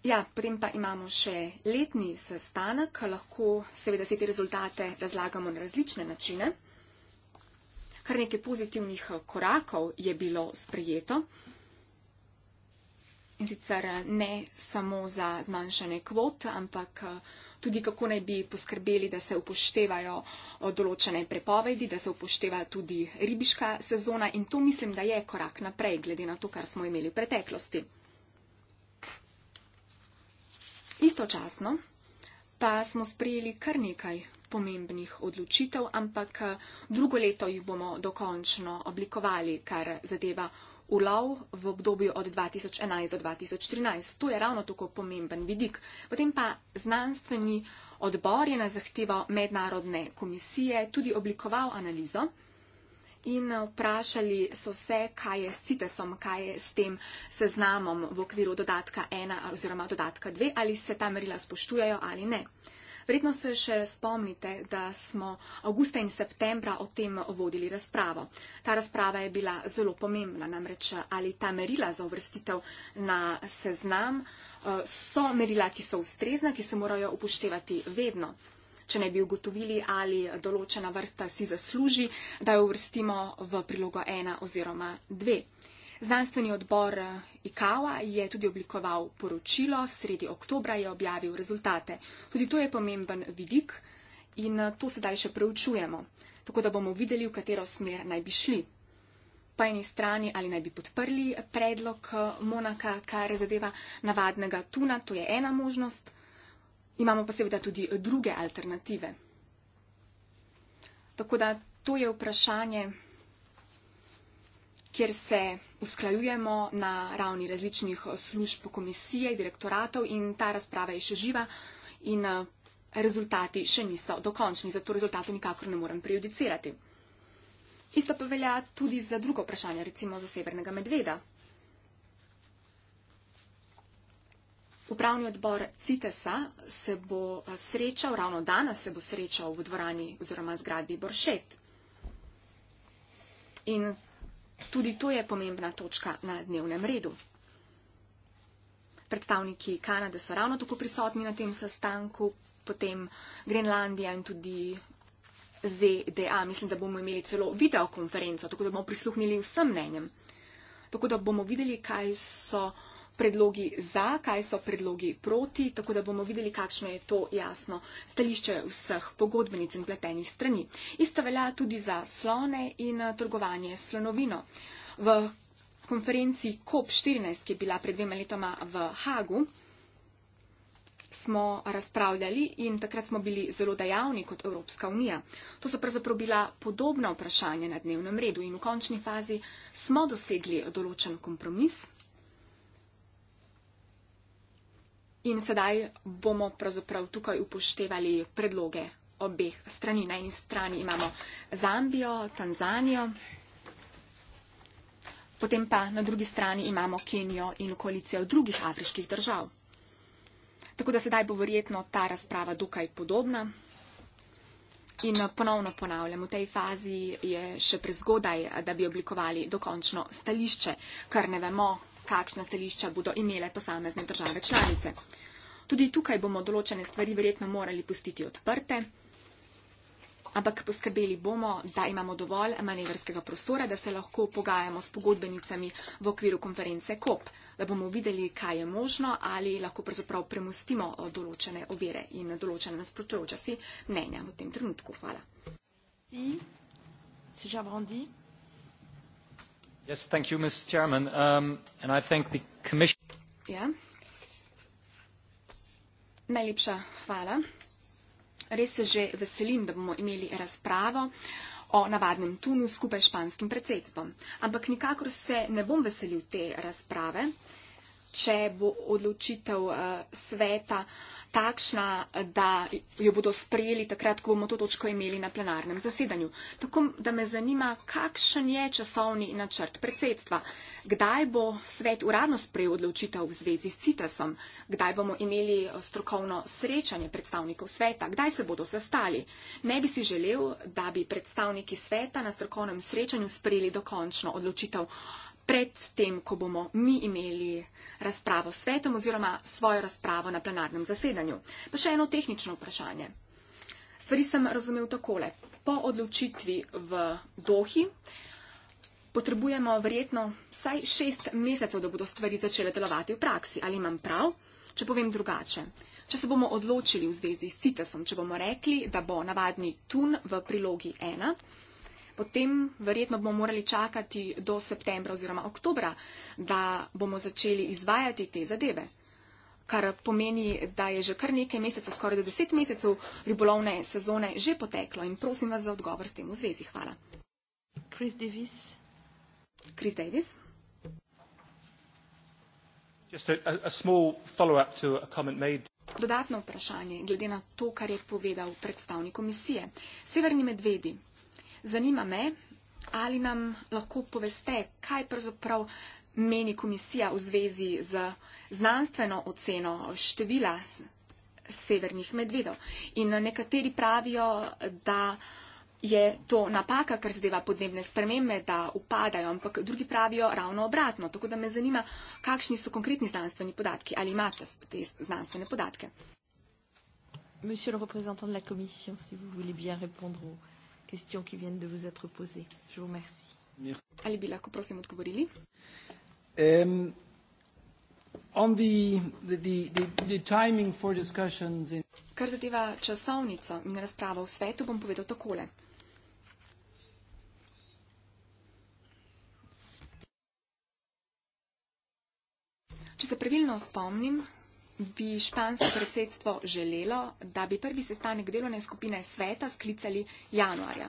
[SPEAKER 1] Ja, potem pa imamo še letni sestanek, lahko seveda se te rezultate razlagamo na različne načine. Kar nekaj pozitivnih korakov je bilo sprejeto. In sicer ne samo za zmanjšanje kvot, ampak tudi kako naj bi poskrbeli, da se upoštevajo eh, določene prepovedi, da se upošteva tudi ribiška sezona in to mislim, da je korak naprej, glede na to, kar smo imeli v preteklosti. Istočasno pa smo sprejeli kar nekaj pomembnih odločitev, ampak eh, drugo leto jih bomo dokončno oblikovali, kar zadeva ulov v obdobju od 2011 do 2013. To je ravno tako pomemben vidik. Potem pa znanstveni odbor je na zahtevo mednarodne komisije tudi oblikoval analizo in vprašali so se, kaj je s CITESom, kaj je s tem seznamom v okviru dodatka 1 oziroma dodatka 2, ali se ta merila spoštujejo ali ne. Verjetno se še spomnite, da smo avgusta in septembra o tem vodili razpravo. Ta razprava je bila zelo pomembna, namreč ali ta merila za uvrstitev na seznam eh, so merila, ki so ustrezna, ki se morajo upoštevati vedno. Če ne bi ugotovili, ali določena vrsta si zasluži, da jo uvrstimo v prilogo 1 oziroma 2. Znanstveni odbor eh, IKAWA je tudi oblikoval poročilo, sredi oktobra je objavil rezultate. Tudi to je pomemben vidik in eh, to sedaj še preučujemo, tako da bomo videli, v katero smer naj bi šli. Po eni strani ali naj bi podprli predlog eh, Monaka, kar zadeva navadnega tuna, to je ena možnost. Imamo pa seveda tudi druge alternative. Tako da to je vprašanje kjer se usklajujemo na ravni različnih služb komisije, direktoratov in ta razprava je še živa in eh, rezultati še niso dokončni, zato rezultatov nikakor ne morem prejudicirati. Isto pa velja tudi za drugo vprašanje, recimo za Severnega medveda. Upravni odbor CITES-a se bo eh, srečal, ravno danes se bo srečal v dvorani oziroma zgradbi Boršet. In Tudi to je pomembna točka na dnevnem redu. Predstavniki Kanade so ravno tako prisotni na tem sestanku, potem Grenlandija in tudi ZDA. Mislim, da bomo imeli celo videokonferenco, tako da bomo prisluhnili vsem mnenjem. Tako da bomo videli, kaj so predlogi za, kaj so predlogi proti, tako da bomo videli, kakšno je to jasno stališče vseh pogodbenic in pletenih strani. Ista velja tudi za slone in eh, trgovanje slonovino. V konferenci COP14, ki je bila pred dvema letoma v Hagu, smo razpravljali in takrat smo bili zelo dejavni kot Evropska unija. To so pravzaprav bila podobna vprašanja na dnevnem redu in v končni fazi smo dosegli določen kompromis. In sedaj bomo pravzaprav tukaj upoštevali predloge obeh strani. Na eni strani imamo Zambijo, Tanzanijo, potem pa na drugi strani imamo Kenijo in koalicijo drugih afriških držav. Tako da sedaj bo verjetno ta razprava dokaj podobna. In ponovno ponavljam, v tej fazi je še prezgodaj, da bi oblikovali dokončno stališče, kar ne vemo, kakšna stališča bodo imele posamezne države članice. Tudi tukaj bomo določene stvari verjetno morali pustiti odprte, ampak poskrbeli bomo, da imamo dovolj manevrskega prostora, da se lahko pogajamo s pogodbenicami v okviru konference COP, da bomo videli, kaj je možno ali lahko pravzaprav premustimo eh, določene ovire in določene nasprotujoča si mnenja v tem trenutku. Hvala. Si, si Yes, thank you, Mr. Chairman. Um, and I thank the Commission. Yeah. Ja. Najlepša hvala. Res se že veselim, da bomo imeli razpravo o navadnem tunu skupaj s španskim predsedstvom. Ampak nikakor se ne bom veselil te razprave, če bo odločitev uh, sveta uh, takšna, da jo bodo sprejeli takrat, ko bomo to točko imeli na plenarnem zasedanju. Tako da me zanima, kakšen je časovni načrt predsedstva. Kdaj bo svet uradno sprejel odločitev v zvezi s CITESom? Kdaj bomo imeli eh, strokovno srečanje predstavnikov sveta? Kdaj se bodo sestali? Ne bi si želel, da bi predstavniki sveta na strokovnem srečanju sprejeli dokončno odločitev pred tem, ko bomo mi imeli razpravo s svetom oziroma svojo razpravo na plenarnem zasedanju. Pa še eno tehnično vprašanje. Stvari sem razumel takole. Po odločitvi v Dohi potrebujemo verjetno vsaj šest mesecev, da bodo stvari začele delovati v praksi. Ali imam prav? Če povem drugače, če se bomo odločili v zvezi s CITESom, če bomo rekli, da bo navadni tun v prilogi 1, potem verjetno bomo morali čakati do septembra oziroma oktobra, da bomo začeli izvajati te zadeve. Kar pomeni, da je že kar nekaj mesecev, skoraj do deset mesecev ribolovne sezone že poteklo in prosim vas za odgovor s tem v zvezi. Hvala. Chris Davis. Chris Davis.
[SPEAKER 3] Just a, a small follow-up to a comment made.
[SPEAKER 1] Dodatno vprašanje, glede na to, kar je povedal predstavnik komisije. Severni medvedi, Zanima me, ali nam lahko poveste, kaj pravzaprav meni komisija v zvezi z znanstveno oceno števila severnih medvedov. In nekateri pravijo, da je to napaka, kar zadeva podnebne spremembe, da upadajo, ampak drugi pravijo ravno obratno. Tako da me zanima, kakšni so konkretni znanstveni podatki, ali imate te znanstvene podatke.
[SPEAKER 2] Monsieur le représentant de la Commission, si vous voulez bien répondre aux, questions qui viennent de vous être posées. Je vous remercie. Merci. Ali Bilako,
[SPEAKER 1] prosim, odgovorili.
[SPEAKER 3] Um, on the, the, the, the timing for discussions in...
[SPEAKER 1] Kar zadeva časovnico in razpravo v svetu, bom povedal takole. Če se pravilno spomnim, bi špansko predsedstvo želelo, da bi prvi sestanek delovne skupine sveta sklicali januarja.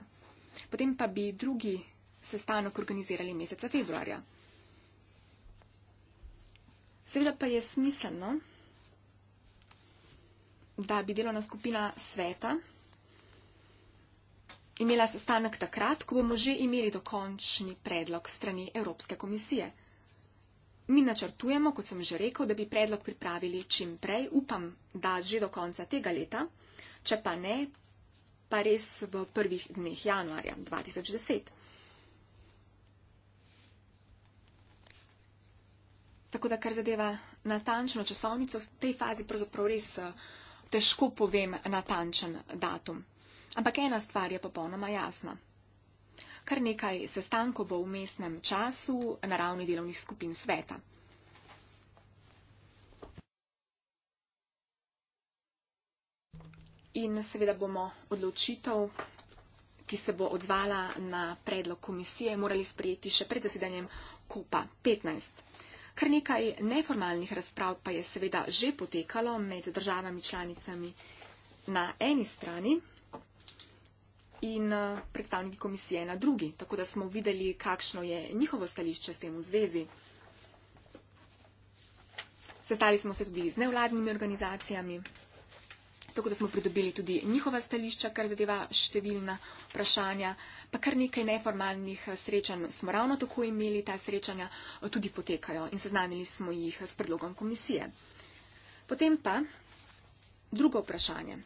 [SPEAKER 1] Potem pa bi drugi sestanek organizirali meseca februarja. Seveda pa je smiselno, da bi delovna skupina sveta imela sestanek takrat, ko bomo že imeli dokončni predlog strani Evropske komisije. Mi načrtujemo, kot sem že rekel, da bi predlog pripravili čim prej, upam, da že do konca tega leta, če pa ne, pa res v prvih dneh januarja 2010. Tako da, kar zadeva natančno časovnico, v tej fazi pravzaprav res eh, težko povem natančen datum. Ampak ena stvar je popolnoma jasna kar nekaj sestankov bo v mestnem času na ravni delovnih skupin sveta. In seveda bomo odločitev, ki se bo odzvala na predlog komisije, morali sprejeti še pred zasedanjem KOPA 15. Kar nekaj neformalnih razprav pa je seveda že potekalo med državami članicami na eni strani in eh, predstavniki komisije na drugi, tako da smo videli, kakšno je njihovo stališče s tem v zvezi. Sestali smo se tudi z nevladnimi organizacijami, tako da smo pridobili tudi njihova stališča, kar zadeva številna vprašanja, pa kar nekaj neformalnih eh, srečanj smo ravno tako imeli, ta srečanja eh, tudi potekajo in seznanili smo jih s predlogom komisije. Potem pa drugo vprašanje.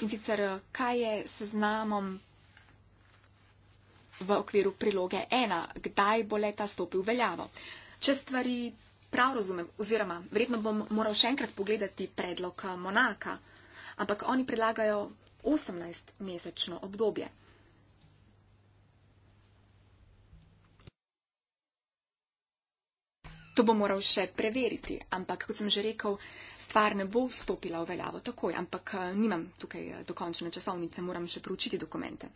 [SPEAKER 1] In sicer, kaj je seznamom v okviru priloge ena, kdaj bo leta stopil veljavo. Če stvari prav razumem, oziroma vredno bom moral še enkrat pogledati predlog eh, Monaka, ampak oni predlagajo 18-mesečno obdobje. To bo moral še preveriti, ampak kot sem že rekel, stvar ne bo vstopila v veljavo takoj, ampak eh, nimam tukaj eh, dokončne časovnice, moram še proučiti dokumente.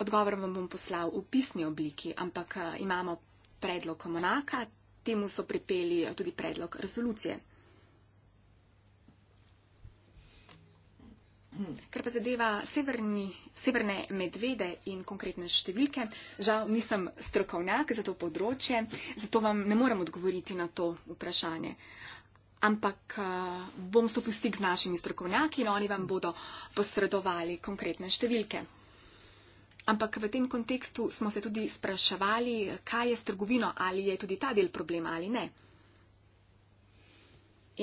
[SPEAKER 1] Odgovor vam bom poslal v pisni obliki, ampak eh, imamo predlog monaka, temu so pripeli tudi predlog rezolucije. Ker pa zadeva severni, severne medvede in konkretne številke, žal nisem strokovnjak za to področje, zato vam ne morem odgovoriti na to vprašanje. Ampak eh, bom stopil stik z našimi strokovnjaki in oni vam bodo posredovali konkretne številke. Ampak v tem kontekstu smo se tudi spraševali, kaj je s trgovino, ali je tudi ta del problema ali ne.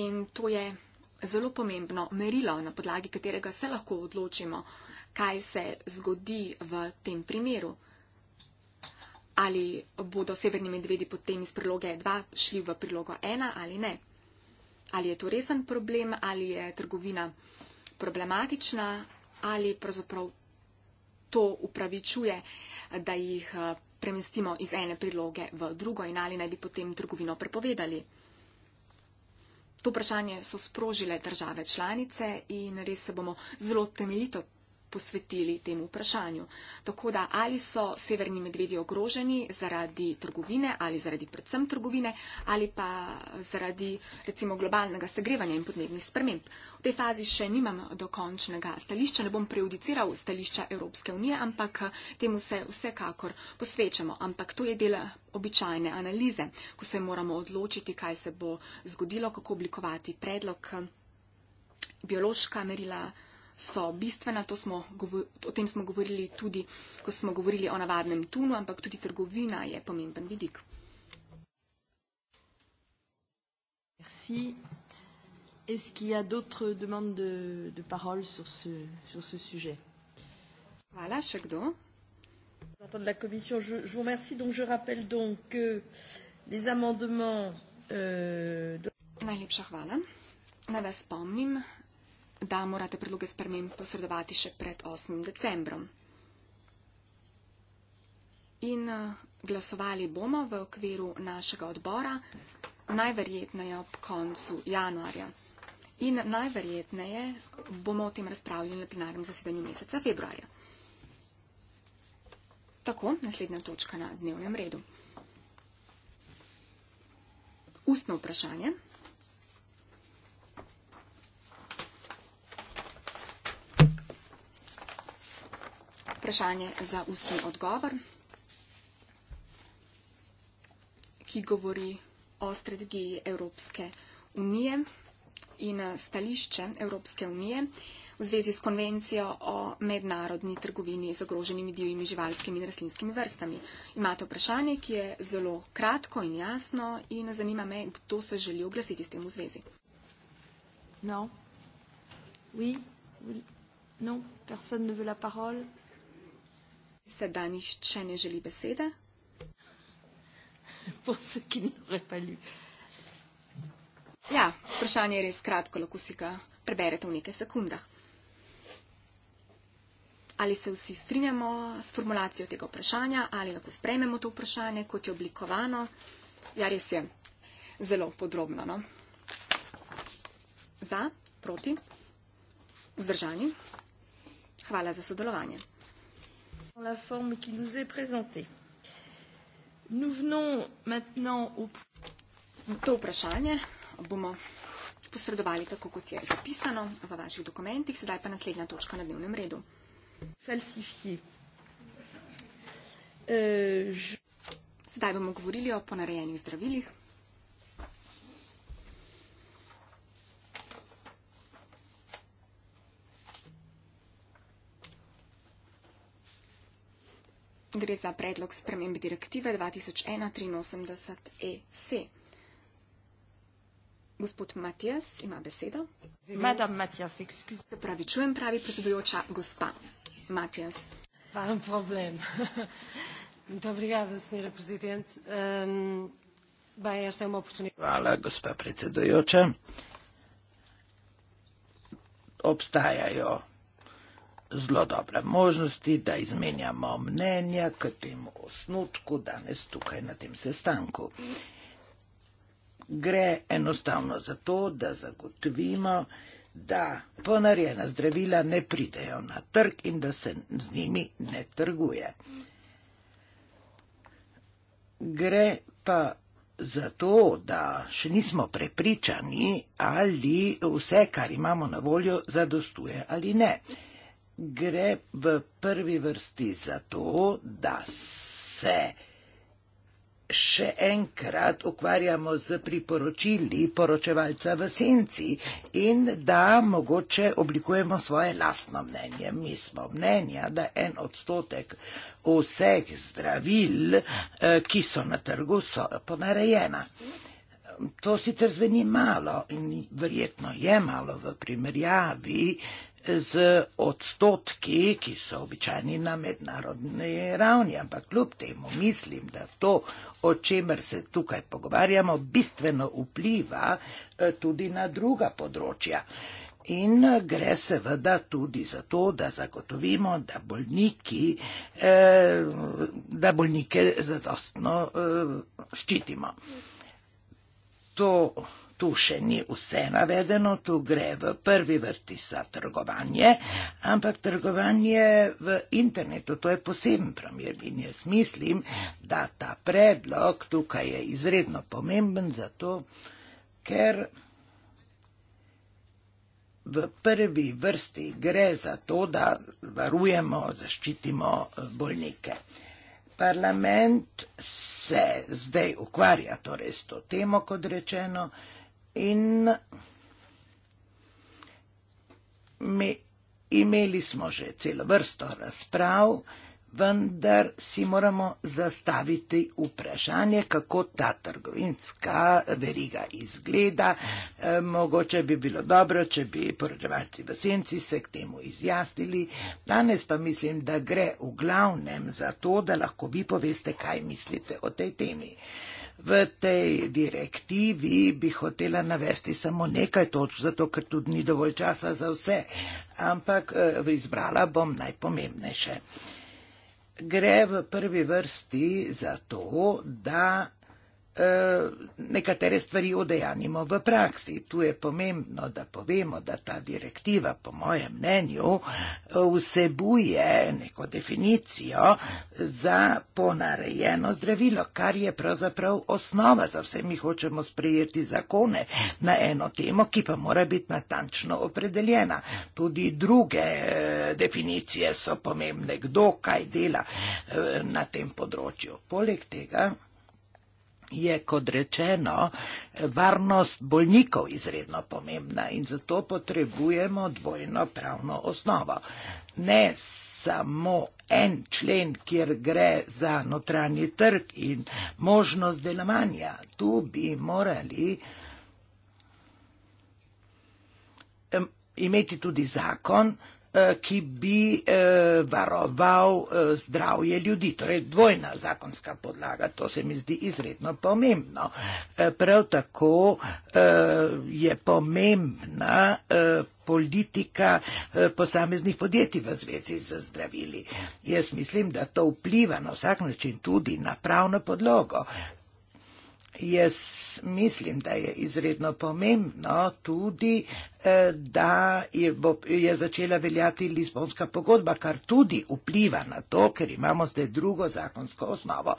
[SPEAKER 1] In to je zelo pomembno merilo, na podlagi katerega se lahko odločimo, kaj se zgodi v tem primeru. Ali bodo severni medvedi potem iz priloge 2 šli v prilogo 1 ali ne. Ali je to resen problem, ali je trgovina problematična, ali pravzaprav to upravičuje, da jih eh, premestimo iz ene priloge v drugo in ali naj bi potem trgovino prepovedali. To vprašanje so sprožile države članice in res se bomo zelo temeljito posvetili temu vprašanju. Tako da ali so severni medvedi ogroženi zaradi trgovine ali zaradi predvsem trgovine ali pa zaradi recimo globalnega segrevanja in podnebnih sprememb. V tej fazi še nimam dokončnega stališča, ne bom prejudiciral stališča Evropske unije, ampak temu se vsekakor posvečamo. Ampak to je del običajne analize, ko se moramo odločiti, kaj se bo zgodilo, kako oblikovati predlog biološka merila so bistvena, smo, o tem smo govorili tudi, ko smo govorili o navadnem tunu, ampak tudi trgovina je pomemben vidik. Merci.
[SPEAKER 2] Est-ce qu'il y a d'autres demandes de, de parole sur ce, sur ce sujet Voilà, chacun. de la commission, je, je vous remercie. Donc, je rappelle donc
[SPEAKER 1] que les amendements. Euh, de... Najlepša hvala. Naj vas spomnim, da morate predloge sprememb posredovati še pred 8. decembrom. In eh, glasovali bomo v okviru našega odbora najverjetneje ob koncu januarja. In najverjetneje bomo o tem razpravljali na plenarnem zasedanju meseca februarja. Tako, naslednja točka na dnevnem redu. Ustno vprašanje. vprašanje za ustni odgovor, ki govori o strategiji Evropske unije in stališče Evropske unije v zvezi s konvencijo o mednarodni trgovini z ogroženimi divjimi živalskimi in rastlinskimi vrstami. Imate vprašanje, ki je zelo kratko in jasno in zanima me, kdo se želi oglasiti s tem v zvezi. No. Oui. Non, personne ne veut la parole. Sedaj nišče ne želi besede. Ja, vprašanje je res kratko, lahko si ga preberete v nekaj sekundah. Ali se vsi strinjamo s formulacijo tega vprašanja, ali lahko sprejmemo to vprašanje, kot je oblikovano? Ja, res je zelo podrobno. No? Za, proti, vzdržani. Hvala za sodelovanje dans la forme qui nous est présentée. Nous venons maintenant au point. posredovali tako, kot je zapisano v vaših dokumentih. Sedaj pa naslednja točka na dnevnem redu. Sedaj bomo govorili o ponarejenih zdravilih. Gre za predlog sprememb direktive 2001-83-EC. E gospod Matjas ima besedo. Madam Matjas, excuse. Se pravi, čujem pravi predsedujoča gospa Matjas. Vam problem. Dobrigada, sr. prezident.
[SPEAKER 2] Um, ba, jaz sem oportunit. Hvala,
[SPEAKER 4] gospa predsedujoča. Obstajajo zelo dobre možnosti, da izmenjamo mnenja k temu osnutku danes tukaj na tem sestanku. Gre enostavno za to, da zagotovimo, da ponarjena zdravila ne pridejo na trg in da se z njimi ne trguje. Gre pa zato, da še nismo prepričani, ali vse, kar imamo na voljo, zadostuje ali ne gre v prvi vrsti za to, da se še enkrat ukvarjamo z priporočili poročevalca v senci in da mogoče oblikujemo svoje lastno mnenje. Mi smo mnenja, da en odstotek vseh zdravil, eh, ki so na trgu, so ponarejena. To sicer zveni malo in verjetno je malo v primerjavi z odstotki, ki so običajni na mednarodni ravni, ampak kljub temu mislim, da to, o čemer se tukaj pogovarjamo, bistveno vpliva eh, tudi na druga področja. In eh, gre seveda tudi za to, da zagotovimo, da bolniki, eh, da bolnike zadostno ščitimo. To tu še ni vse navedeno, tu gre v prvi vrti za trgovanje, ampak trgovanje v internetu, to je poseben primer in jaz mislim, da ta predlog tukaj je izredno pomemben zato, ker v prvi vrsti gre za to, da varujemo, zaščitimo eh, bolnike. Parlament se zdaj ukvarja torej s to temo, kot rečeno, in mi imeli smo že celo vrsto razprav, vendar si moramo zastaviti vprašanje, kako ta trgovinska veriga izgleda. E, mogoče bi bilo dobro, če bi poročevalci v senci se k temu izjasnili. Danes pa mislim, da gre v glavnem za to, da lahko vi poveste, kaj mislite o tej temi. V tej direktivi bi hotela navesti samo nekaj toč, zato ker tudi ni dovolj časa za vse, ampak eh, izbrala bom najpomembnejše. Gre v prvi vrsti za to, da Eh, nekatere stvari odejanimo v praksi. Tu je pomembno, da povemo, da ta direktiva, po mojem mnenju, vsebuje neko definicijo za ponarejeno zdravilo, kar je pravzaprav osnova za vse. Mi hočemo sprejeti zakone na eno temo, ki pa mora biti natančno opredeljena. Tudi druge eh, definicije so pomembne, kdo kaj dela eh, na tem področju. Poleg tega je, kot rečeno, varnost bolnikov izredno pomembna in zato potrebujemo dvojno pravno osnovo. Ne samo en člen, kjer gre za notranji trg in možnost delovanja. Tu bi morali imeti tudi zakon, Eh, ki bi eh, varoval eh, zdravje ljudi. Torej, dvojna zakonska podlaga, to se mi zdi izredno pomembno. Eh, prav tako eh, je pomembna eh, politika eh, posameznih podjetij v zvezi z zdravili. Jaz mislim, da to vpliva na vsak način tudi na pravno podlogo. Jaz mislim, da je izredno pomembno tudi, eh, da je, bo, je začela veljati Lizbonska pogodba, kar tudi vpliva na to, ker imamo zdaj drugo zakonsko osnovo.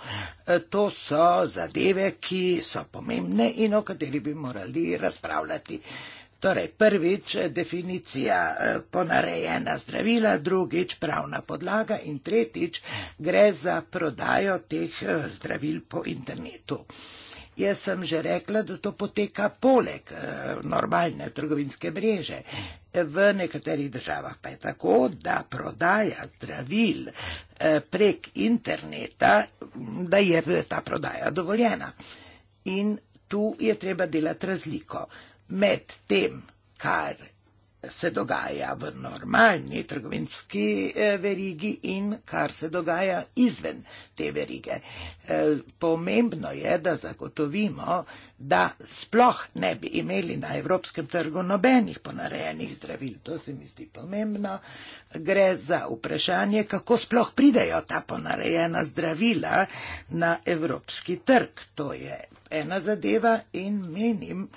[SPEAKER 4] Eh, to so zadeve, ki so pomembne in o kateri bi morali razpravljati. Torej, prvič definicija eh, ponarejena zdravila, drugič pravna podlaga in tretjič gre za prodajo teh zdravil po internetu. Jaz sem že rekla, da to poteka poleg eh, normalne trgovinske mreže. V nekaterih državah pa je tako, da prodaja zdravil eh, prek interneta, da je eh, ta prodaja dovoljena. In tu je treba delati razliko med tem, kar se dogaja v normalni trgovinski eh, verigi in kar se dogaja izven te verige. Eh, pomembno je, da zagotovimo, da sploh ne bi imeli na evropskem trgu nobenih ponarejenih zdravil. To se mi zdi pomembno. Gre za vprašanje, kako sploh pridejo ta ponarejena zdravila na evropski trg. To je ena zadeva in menim,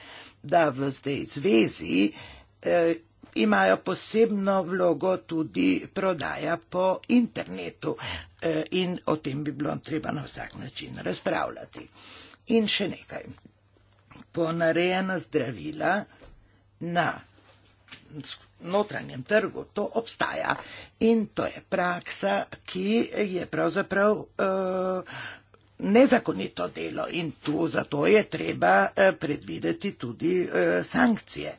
[SPEAKER 4] da v zdaj zvezi eh, imajo posebno vlogo tudi prodaja po internetu eh, in o tem bi bilo treba na vsak način razpravljati. In še nekaj. Ponarejena zdravila na notranjem trgu, to obstaja in to je praksa, ki je pravzaprav e, nezakonito delo in tu zato je treba eh, predvideti tudi e, sankcije. E,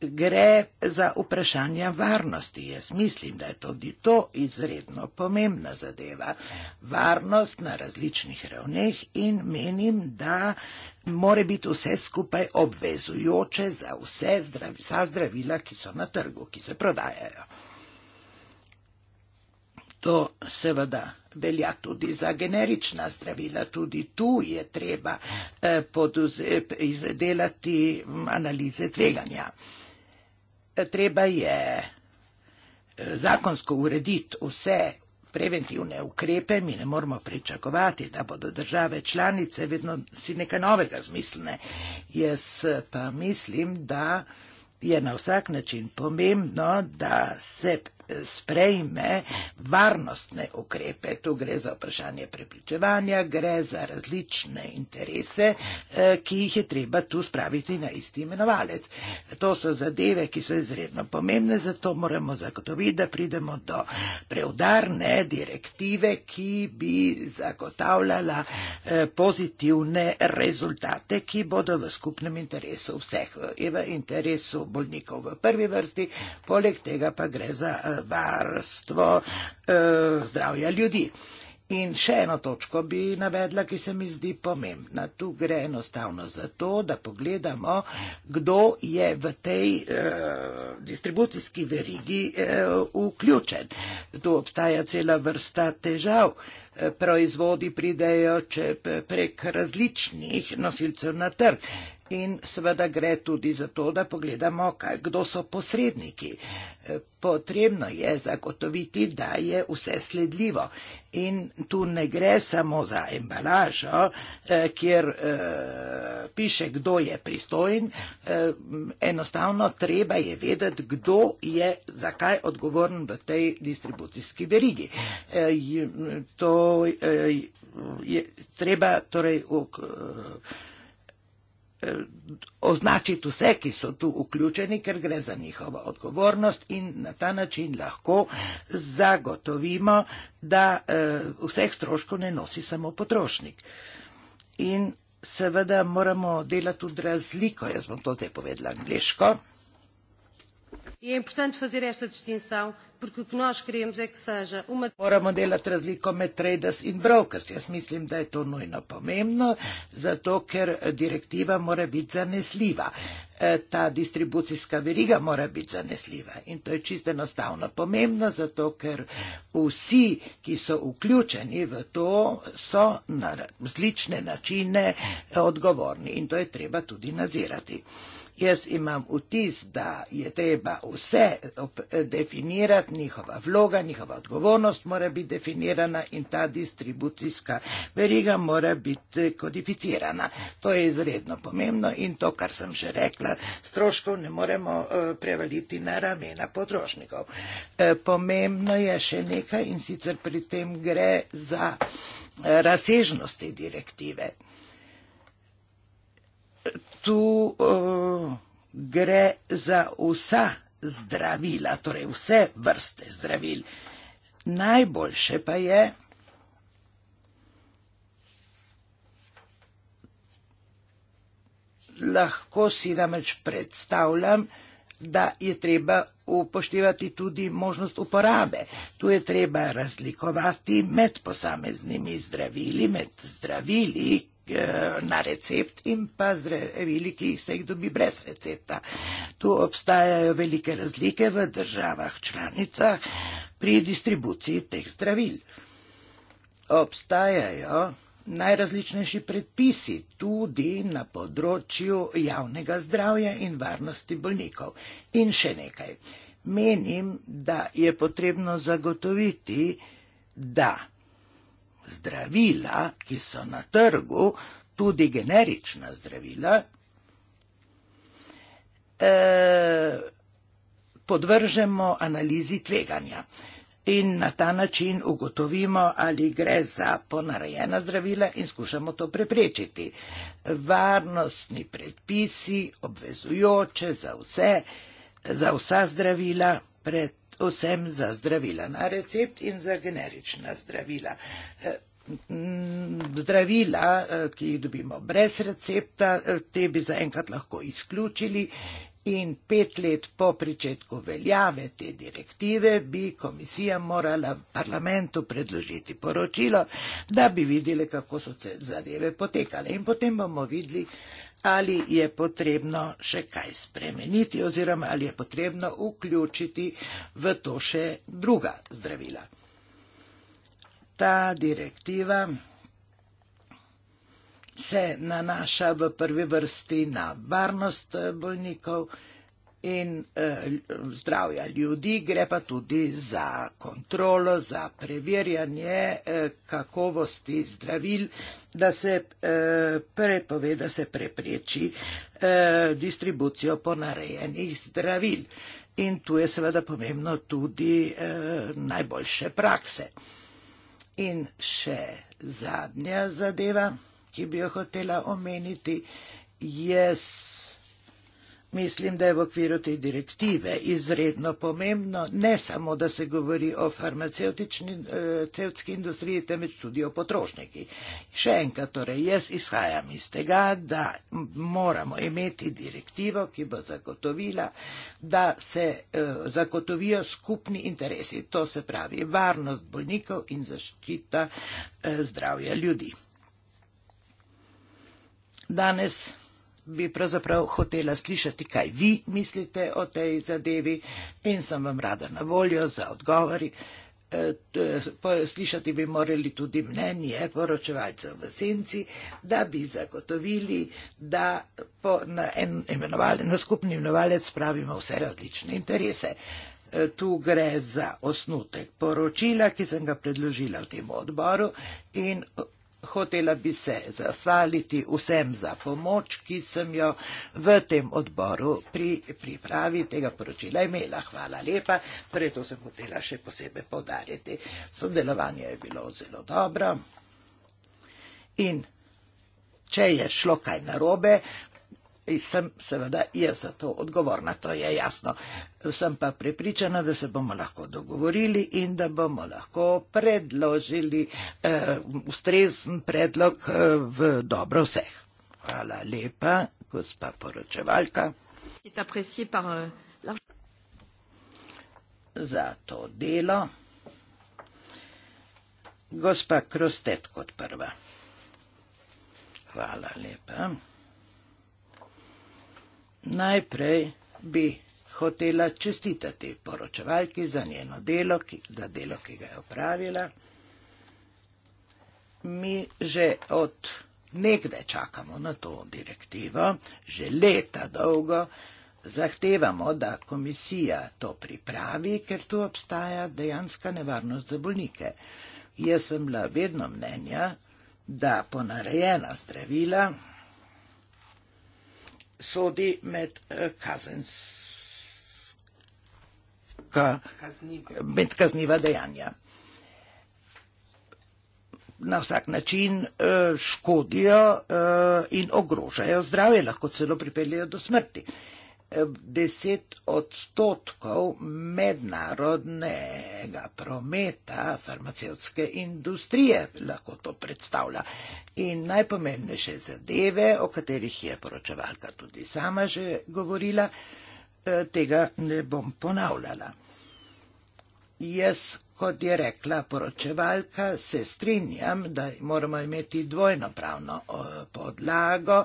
[SPEAKER 4] gre za vprašanja varnosti. Jaz mislim, da je tudi to izredno pomembna zadeva. Varnost na različnih ravneh in menim, da more biti vse skupaj obvezujoče za vse zdrav, za zdravila, ki so na trgu, ki se prodajajo. To seveda velja tudi za generična zdravila. Tudi tu je treba eh, poduze, izdelati analize tveganja. Eh, treba je eh, zakonsko urediti vse preventivne ukrepe, mi ne moramo pričakovati, da bodo države članice vedno si nekaj novega zmislene. Jaz eh, pa mislim, da je na vsak način pomembno, da se sprejme varnostne ukrepe. Tu gre za vprašanje prepričevanja, gre za različne interese, eh, ki jih je treba tu spraviti na isti imenovalec. To so zadeve, ki so izredno pomembne, zato moramo zagotoviti, da pridemo do preudarne direktive, ki bi zagotavljala eh, pozitivne rezultate, ki bodo v skupnem interesu vseh, v interesu bolnikov v prvi vrsti, poleg tega pa gre za eh, varstvo eh, zdravja ljudi. In še eno točko bi navedla, ki se mi zdi pomembna. Tu gre enostavno za to, da pogledamo, kdo je v tej eh, distribucijski verigi eh, vključen. Tu obstaja cela vrsta težav. Eh, proizvodi pridejo če prek različnih nosilcev na trg. In seveda gre tudi za to, da pogledamo, kaj, kdo so posredniki potrebno je zagotoviti, da je vse sledljivo. In tu ne gre samo za embalažo, eh, kjer eh, piše, kdo je pristojen, eh, enostavno treba je vedeti, kdo je zakaj odgovoren v tej distribucijski verigi. To je treba torej v. Eh, označiti vse, ki so tu vključeni, ker gre za njihovo odgovornost in na ta način lahko zagotovimo, da eh, vseh stroškov ne nosi samo potrošnik. In seveda moramo delati tudi razliko, jaz bom to zdaj povedala angliško. E é importante fazer esta distinção porque o que nós queremos é que seja uma. Ora, Mandela trazi como traders and brokers. Eu acho que é to nojno pomembno, zato ker direktiva mora biti zanesljiva. E, ta distribucijska veriga mora biti zanesljiva. In to je čisto enostavno pomembno, zato ker vsi, ki so vključeni v to, so na različne načine odgovorni in to je treba tudi nadzirati. Jaz imam vtis, da je treba vse definirati, njihova vloga, njihova odgovornost mora biti definirana in ta distribucijska veriga mora biti kodificirana. To je izredno pomembno in to, kar sem že rekla, stroškov ne moremo e, prevaliti na ramena potrošnikov. E, pomembno je še nekaj in sicer pri tem gre za e, razsežnosti direktive bistvu uh, eh, gre za vsa zdravila, torej vse vrste zdravil. Najboljše pa je, lahko si namreč predstavljam, da je treba upoštevati tudi možnost uporabe. Tu je treba razlikovati med posameznimi zdravili, med zdravili, Eh, na recept in pa zdravili, ki jih se jih dobi brez recepta. Tu obstajajo velike razlike v državah članicah pri distribuciji teh zdravil. Obstajajo najrazličnejši predpisi tudi na področju javnega zdravja in varnosti bolnikov. In še nekaj. Menim, da je potrebno zagotoviti, da zdravila, ki so na trgu, tudi generična zdravila, eh, podvržemo analizi tveganja in na ta način ugotovimo, ali gre za ponarejena zdravila in skušamo to preprečiti. Varnostni predpisi, obvezujoče za vse, za vsa zdravila pred vsem za zdravila, na recept in za generična zdravila. Eh, zdravila, eh, ki jih dobimo brez recepta, eh, te bi zaenkrat lahko izključili in pet let po pričetku veljave te direktive bi komisija morala parlamentu predložiti poročilo, da bi videli, kako so se zadeve potekale in potem bomo videli, ali je potrebno še kaj spremeniti oziroma ali je potrebno vključiti v to še druga zdravila. Ta direktiva se nanaša v prvi vrsti na varnost bolnikov, in uh, zdravja ljudi, gre pa tudi za kontrolo, za preverjanje uh, kakovosti zdravil, da se uh, prepove, da se prepreči uh, distribucijo ponarejenih zdravil. In tu je seveda pomembno tudi uh, najboljše prakse. In še zadnja zadeva, ki bi jo hotela omeniti, je. So Mislim, da je v okviru te direktive izredno pomembno ne samo, da se govori o farmacevtski eh, industriji, temveč tudi o potrošniki. Še enkrat, torej, jaz izhajam iz tega, da moramo imeti direktivo, ki bo zagotovila, da se eh, zagotovijo skupni interesi, to se pravi varnost bolnikov in zaščita eh, zdravja ljudi. Danes bi pravzaprav hotela slišati, kaj vi mislite o tej zadevi in sem vam rada na voljo za odgovori. E, slišati bi morali tudi mnenje poročevalcev v senci, da bi zagotovili, da na en imenovalec, na skupni imenovalec spravimo vse različne interese. E, tu gre za osnutek poročila, ki sem ga predložila v tem odboru in hotela bi se zahvaliti vsem za pomoč, ki sem jo v tem odboru pri pripravi tega poročila imela. Hvala lepa, torej to sem hotela še posebej povdariti. Sodelovanje je bilo zelo dobro. In če je šlo kaj narobe, In sem seveda jaz za to odgovorna, to je jasno. Sem pa prepričana, da se bomo lahko dogovorili in da bomo lahko predložili eh, ustrezen predlog eh, v dobro vseh. Hvala lepa, gospa poročevalka. Euh, za to delo. Gospa Krostet kot prva. Hvala lepa. Najprej bi hotela čestitati poročevalki za njeno delo, ki, da delo, ki ga je opravila. Mi že od nekdaj čakamo na to direktivo, že leta dolgo zahtevamo, da komisija to pripravi, ker tu obstaja dejanska nevarnost za bolnike. Jaz sem bila vedno mnenja, da ponarejena zdravila sodi med eh, kazenska,
[SPEAKER 3] kazniva. med kazniva
[SPEAKER 4] dejanja. Na vsak način eh, škodijo eh, in ogrožajo zdravje, lahko celo pripeljajo do smrti. 10 odstotkov mednarodnega prometa farmacevtske industrije lahko to predstavlja. In najpomembnejše zadeve, o katerih je poročevalka tudi sama že govorila, eh, tega ne bom ponavljala. Jaz, kot je rekla poročevalka, se strinjam, da moramo imeti dvojno pravno eh, podlago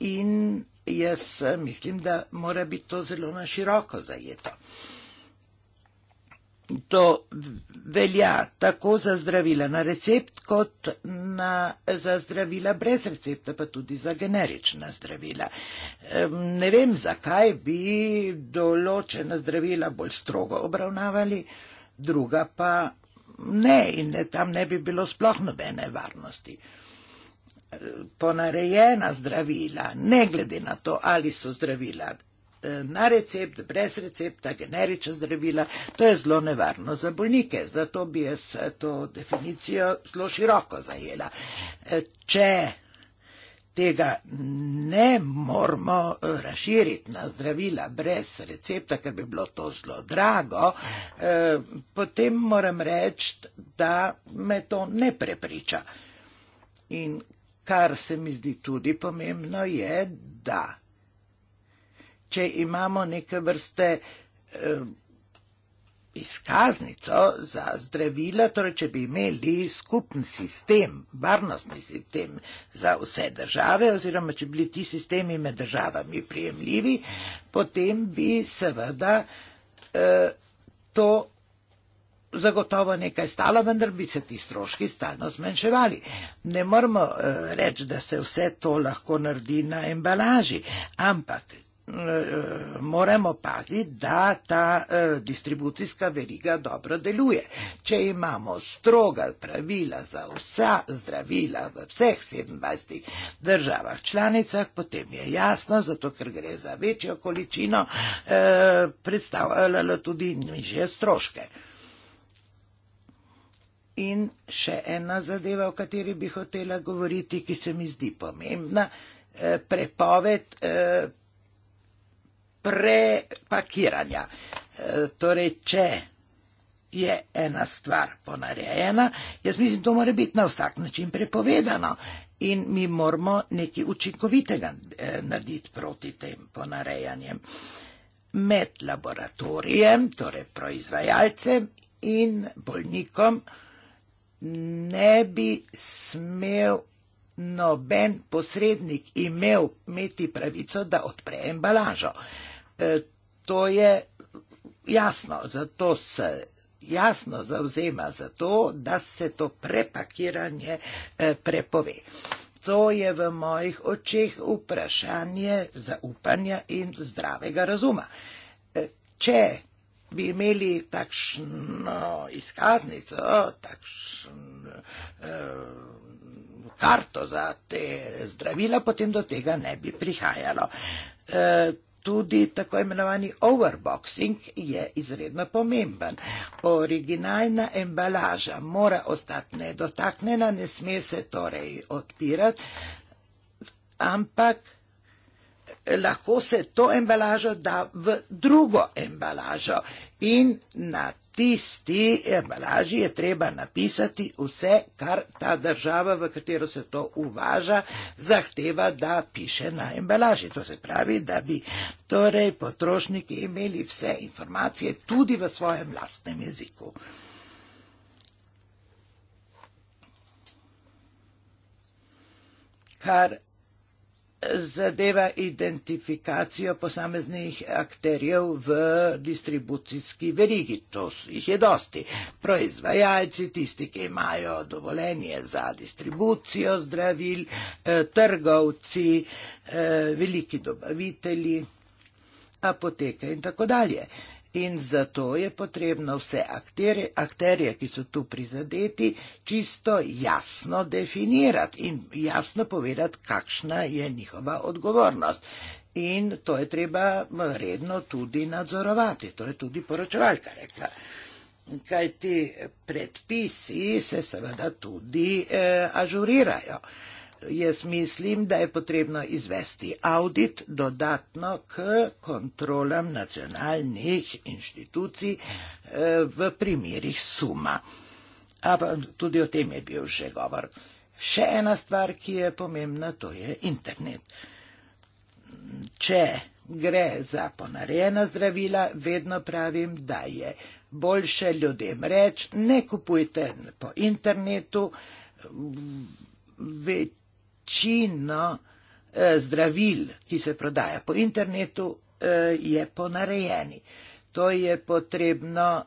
[SPEAKER 4] in Jaz eh, mislim, da mora biti to zelo na široko zajeto. To velja tako za zdravila na recept, kot na, za zdravila brez recepta, pa tudi za generična zdravila. Ne vem, zakaj bi določena zdravila bolj strogo obravnavali, druga pa ne in ne, tam ne bi bilo sploh nobene varnosti ponarejena zdravila, ne glede na to, ali so zdravila eh, na recept, brez recepta, generična zdravila, to je zelo nevarno za bolnike. Zato bi jaz eh, to definicijo zelo široko zajela. Eh, če tega ne moramo razširiti na zdravila brez recepta, ker bi bilo to zelo drago, potem moram reči, da me to ne prepriča. In Kar se mi zdi tudi pomembno, je, da če imamo neke vrste eh, izkaznico za zdravila, torej če bi imeli skupen sistem, varnostni sistem za vse države oziroma če bi bili ti sistemi med državami prijemljivi, potem bi seveda eh, to zagotovo nekaj stalo, vendar bi se ti stroški stalno zmanjševali. Ne moramo eh, reči, da se vse to lahko naredi na embalaži, ampak eh, moramo paziti, da ta eh, distribucijska veriga dobro deluje. Če imamo stroga pravila za vsa zdravila v vseh 27 državah članicah, potem je jasno, zato ker gre za večjo količino, predstavljalo tudi nižje stroške. In še ena zadeva, o kateri bi hotela govoriti, ki se mi zdi pomembna, eh, prepoved eh, prepakiranja. Eh, torej, če je ena stvar ponarejena, jaz mislim, to mora biti na vsak način prepovedano in mi moramo nekaj učinkovitega narediti proti tem ponarejanjem. Med laboratorijem, torej proizvajalcem in bolnikom, ne bi smel noben posrednik imel imeti pravico, da odpre embalažo. E, to je jasno, zato se jasno zauzema za to, da se to prepakiranje e, prepove. To je v mojih očeh vprašanje zaupanja in zdravega razuma. E, če bi imeli takšno izkaznico, takšno eh, karto za te zdravila, potem do tega ne bi prihajalo. Eh, Tudi tako imenovani overboxing je izredno pomemben. Originalna embalaža mora ostati nedotaknjena, ne sme se torej odpirati, ampak lahko se to embalažo da v drugo embalažo in na tisti embalaži je treba napisati vse, kar ta država, v katero se to uvaža, zahteva, da piše na embalaži. To se pravi, da bi torej potrošniki imeli vse informacije tudi v svojem lastnem jeziku. Kar zadeva identifikacijo posameznih akterjev v distribucijski verigi. To jih je dosti. Proizvajalci, tisti, ki imajo dovolenje za distribucijo zdravil, e, trgovci, e, veliki dobavitelji, apoteke in tako dalje. In zato je potrebno vse akterje, akterje, ki so tu prizadeti, čisto jasno definirati in jasno povedati, kakšna je njihova odgovornost. In to je treba redno tudi nadzorovati, to je tudi poročevalka rekla. Kaj ti predpisi se seveda tudi eh, ažurirajo. Eh, jaz mislim, da je potrebno izvesti audit dodatno k kontrolam nacionalnih inštitucij eh, v primerih suma. Ampak tudi o tem je bil že govor. Še ena stvar, ki je pomembna, to je internet. Če gre za ponarejena zdravila, vedno pravim, da je boljše ljudem reči, ne kupujte po internetu, večino eh, zdravil, ki se prodaja po internetu, eh, je ponarejeni. To je potrebno,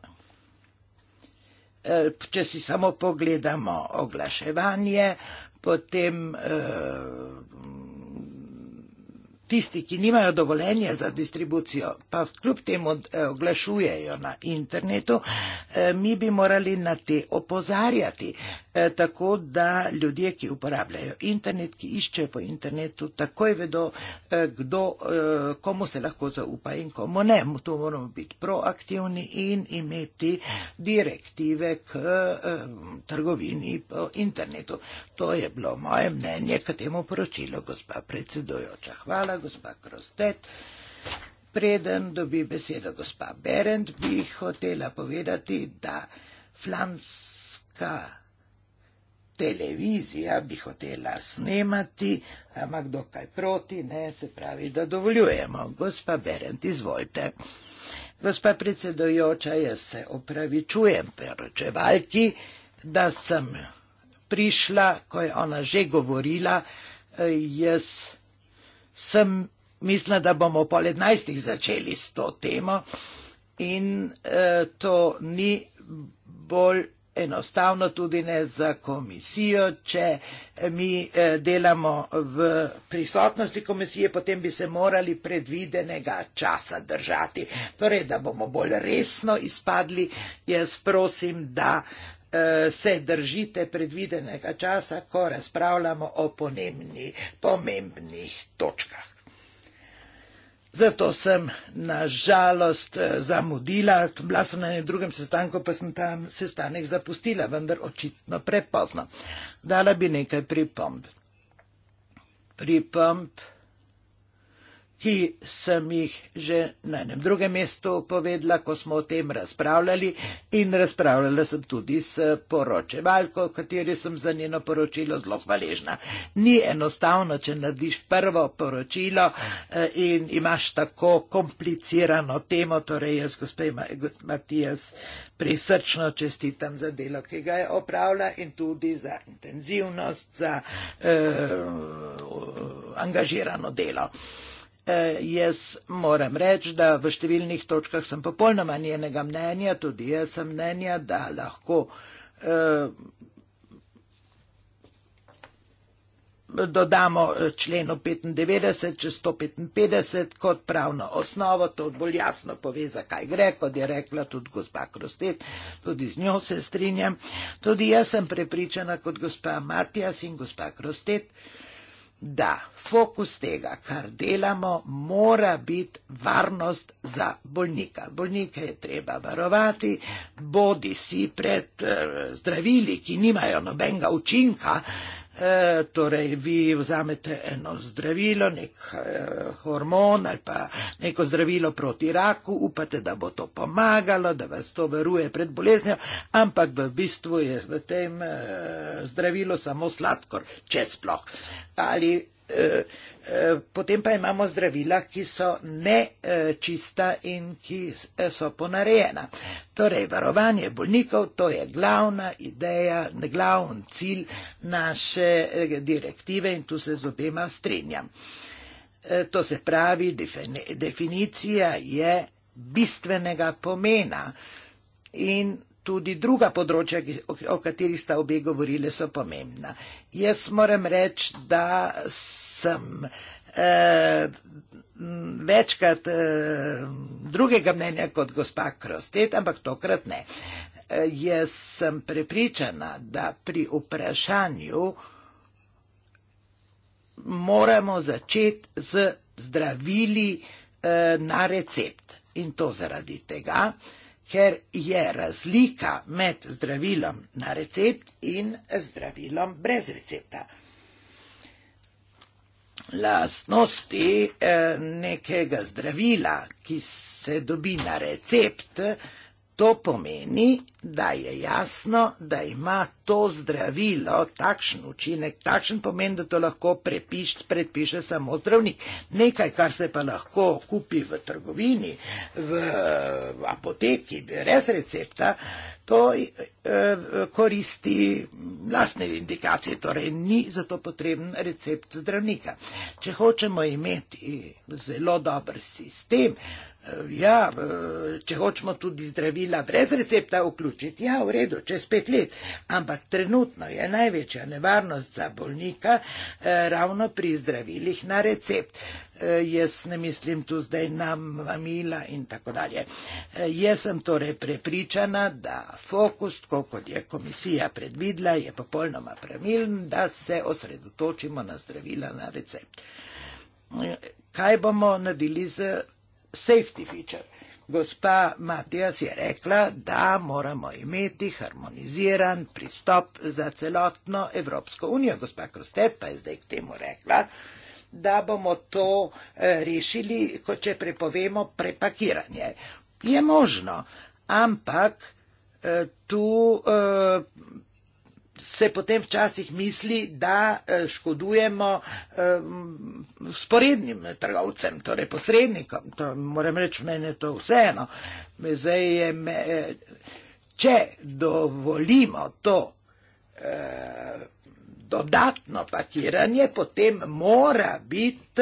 [SPEAKER 4] eh, če si samo pogledamo oglaševanje, potem eh, tisti, ki nimajo dovoljenja za distribucijo, pa kljub temu eh, oglašujejo na internetu, eh, mi bi morali na te opozarjati. Eh, tako da ljudje, ki uporabljajo internet, ki iščejo po internetu, takoj vedo, eh, kdo, eh, komu se lahko zaupa in komu ne. Tu moramo biti proaktivni in imeti direktive k trgovini po internetu. To je bilo moje mnenje k temu poročilu, gospa predsedojoča. Hvala, gospa Krostet. Preden dobi besedo gospa Berend, bi hotela povedati, da flamska televizija bi hotela snemati, ampak dokaj proti, ne se pravi, da dovoljujemo. Gospa Berend, izvolite. Gospa predsedojoča, jaz se opravičujem peročevalki, da sem prišla, ko je ona že govorila, jaz sem mislila, da bomo pol enajstih začeli s to temo in eh, to ni bolj enostavno tudi ne za komisijo, če mi eh, delamo v prisotnosti komisije, potem bi se morali predvidenega časa držati. Torej, da bomo bolj resno izpadli, jaz prosim, da eh, se držite predvidenega časa, ko razpravljamo o pomembnih točkah. Zato sem na žalost eh, zamudila, bila sem na enem drugem sestanku, pa sem tam sestanek zapustila, vendar očitno prepozno. Dala bi nekaj pripomb. Pripomb ki sem jih že na enem drugem mestu povedala, ko smo o tem razpravljali in razpravljala sem tudi s poročevalko, kateri sem za njeno poročilo zelo hvaležna. Ni enostavno, če narediš prvo poročilo eh, in imaš tako komplicirano temo, torej jaz gospej Matijas prisrčno čestitam za delo, ki ga je opravila in tudi za intenzivnost, za eh, angažirano delo. Eh, jaz moram reči, da v številnih točkah sem popolnoma njenega mnenja, tudi jaz sem mnenja, da lahko eh, dodamo e, členu 95 čez 155 kot pravno osnovo, to bolj jasno pove, zakaj gre, kot je rekla tudi gospa Krostet, tudi z njo se strinjam. Tudi jaz sem prepričana kot gospa Matijas in gospa Krostet. Eh, da fokus tega, kar delamo, mora biti varnost za bolnika. Bolnike je treba varovati, bodi si pred eh, zdravili, ki nimajo nobenega učinka, E, torej, vi vzamete eno zdravilo, nek e, hormon ali pa neko zdravilo proti raku, upate, da bo to pomagalo, da vas to varuje pred boleznijo, ampak v bistvu je v tem e, zdravilu samo sladkor, če sploh. Ali Eh, potem pa imamo zdravila, ki so nečista in ki eh, so ponarejena. Torej, varovanje bolnikov, to je glavna ideja, glavn cilj naše eh, direktive in tu se z obema strinjam. To se pravi, definicija je bistvenega pomena in tudi druga področja, o katerih sta obe govorili, so pomembna. Jaz moram reči, da sem eh, večkrat eh, drugega mnenja kot gospa Krostet, ampak tokrat ne. Eh, jaz sem prepričana, da pri vprašanju moramo začeti z zdravili eh, na recept. In to zaradi tega, eh, ker je razlika med zdravilom na recept in zdravilom brez recepta. Lastnosti eh, nekega zdravila, ki se dobi na recept, To pomeni, da je jasno, da ima to zdravilo takšen učinek, takšen pomen, da to lahko prepiš, predpiše samo zdravnik. Nekaj, kar se pa lahko kupi v trgovini, v apoteki, brez recepta, to eh, koristi lastne indikacije, torej ni za to potreben recept zdravnika. Če hočemo imeti zelo dober sistem, Eh, ja, eh, če hočemo tudi zdravila brez recepta vključiti, ja, v redu, čez pet let. Ampak trenutno je največja nevarnost za bolnika eh, ravno pri zdravilih na recept. Jaz ne mislim tu zdaj na mamila in tako dalje. Jaz sem torej prepričana, da fokus, tako kot je komisija predvidla, je popolnoma pravilen, da se osredotočimo na zdravila na recept. Kaj bomo naredili z safety feature. Gospa Matijas je rekla, da moramo imeti harmoniziran pristop za celotno Evropsko unijo. Gospa Krostet pa je zdaj k temu rekla, da bomo to eh, rešili, ko če prepovemo prepakiranje. Je možno, ampak eh, tu eh, se potem včasih misli, da e, škodujemo sporednim e, trgovcem, torej posrednikom. To, moram reči, meni je to vseeno. Je me, e, če dovolimo to dodatno pakiranje, potem mora biti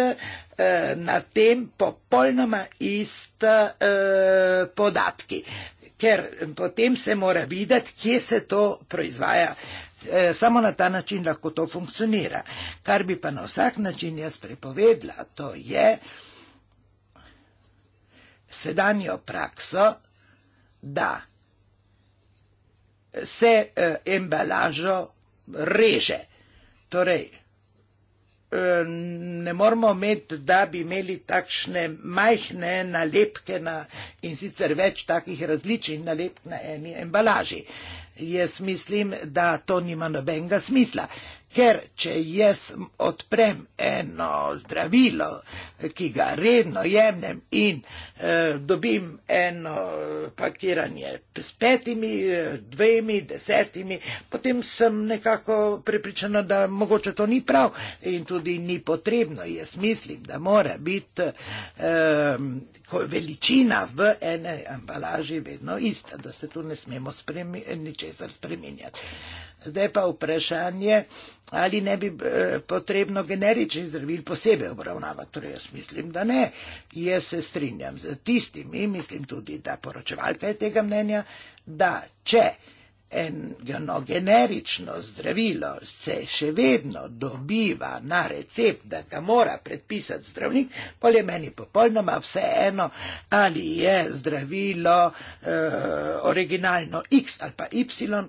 [SPEAKER 4] na tem popolnoma ista podatki. Ker potem se mora videti, kje se to proizvaja. Eh, samo na ta način lahko to funkcionira. Kar bi pa na vsak način jaz prepovedla, to je sedanjo prakso, da se eh, embalažo reže. Torej, eh, ne moramo imeti, da bi imeli takšne majhne nalepke na, in sicer več takih različnih nalepk na eni embalaži. Jaz mislim, da to nima nobenega smisla ker če jaz odprem eno zdravilo, ki ga redno jemnem in eh, dobim eno eh, pakiranje s petimi, eh, dvemi, desetimi, potem sem nekako prepričana, da mogoče to ni prav in tudi ni potrebno. Jaz mislim, da mora biti eh, veličina v ene ambalaži vedno ista, da se tu ne smemo spremi ničesar spreminjati. Zdaj pa vprašanje, ali ne bi eh, potrebno generični zdravil posebej obravnavati. Torej, jaz mislim, da ne. Jaz se strinjam z tistim in mislim tudi, da poročevalka je tega mnenja, da če eno generično zdravilo se še vedno dobiva na recept, da ga mora predpisati zdravnik, pol je meni popolnoma vseeno, ali je zdravilo eh, originalno X ali pa Y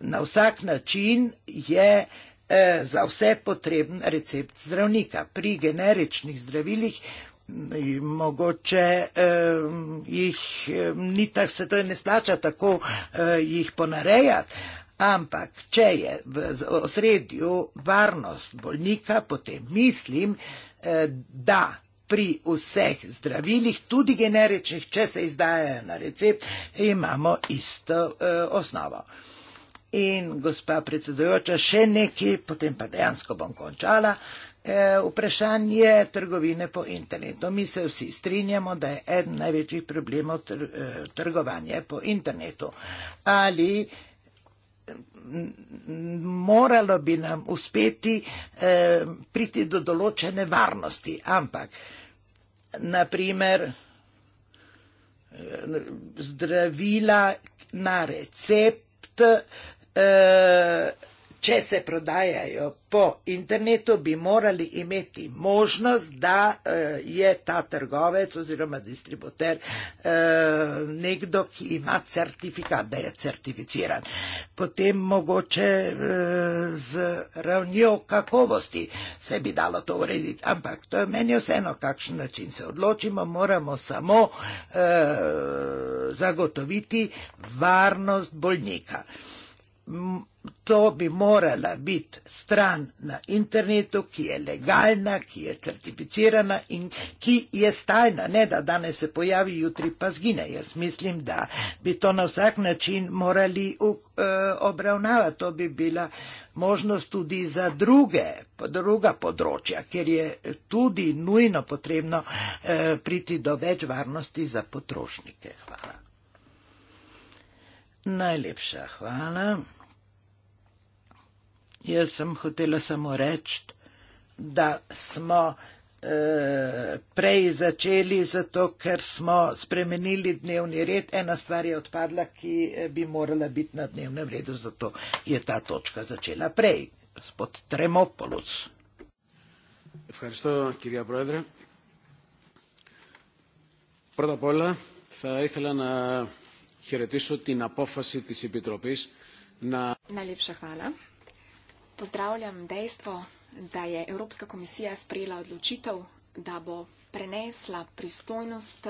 [SPEAKER 4] na vsak način je eh, za vse potreben recept zdravnika. Pri generičnih zdravilih mogoče eh, jih eh, ni tak, se to ne splača tako jih ponarejati. Ampak, če je v osredju varnost bolnika, potem mislim, da pri vseh zdravilih, tudi generičnih, če se izdajajo na recept, imamo isto osnovo. In, gospa predsedujoča, še nekaj, potem pa dejansko bom končala. E, vprašanje trgovine po internetu. Mi se vsi strinjamo, da je eden največjih problemov tr e, trgovanje po internetu. Ali moralo bi nam uspeti e, priti do določene varnosti, ampak naprimer e, zdravila na recept, Eh, če se prodajajo po internetu, bi morali imeti možnost, da eh, je ta trgovec oziroma distributer eh, nekdo, ki ima certifikat, da je certificiran. Potem mogoče z ravnjo kakovosti se bi dalo to urediti, ampak to je meni vseeno, kakšen način se odločimo, moramo samo zagotoviti varnost bolnika to bi morala biti stran na internetu, ki je legalna, ki je certificirana in ki je stajna, ne da danes se pojavi, jutri pa zgine. Jaz mislim, da bi to na vsak način morali uh, obravnavati. To bi bila možnost tudi za druge, druga področja, ker je tudi nujno potrebno uh, priti do več varnosti za potrošnike. Hvala. Najlepša hvala. Jaz sem hotela samo reči, da smo eh, prej začeli zato, ker smo spremenili dnevni red. Ena stvar je odpadla, ki eh, bi morala biti na dnevnem redu, zato je ta točka začela prej, spod Tremopolus. Πρώτα απ' όλα θα ήθελα να χαιρετήσω την απόφαση της Επιτροπής να...
[SPEAKER 1] Να λείψω χάλα. Pozdravljam dejstvo, da je Evropska komisija sprejela odločitev, da bo prenesla pristojnost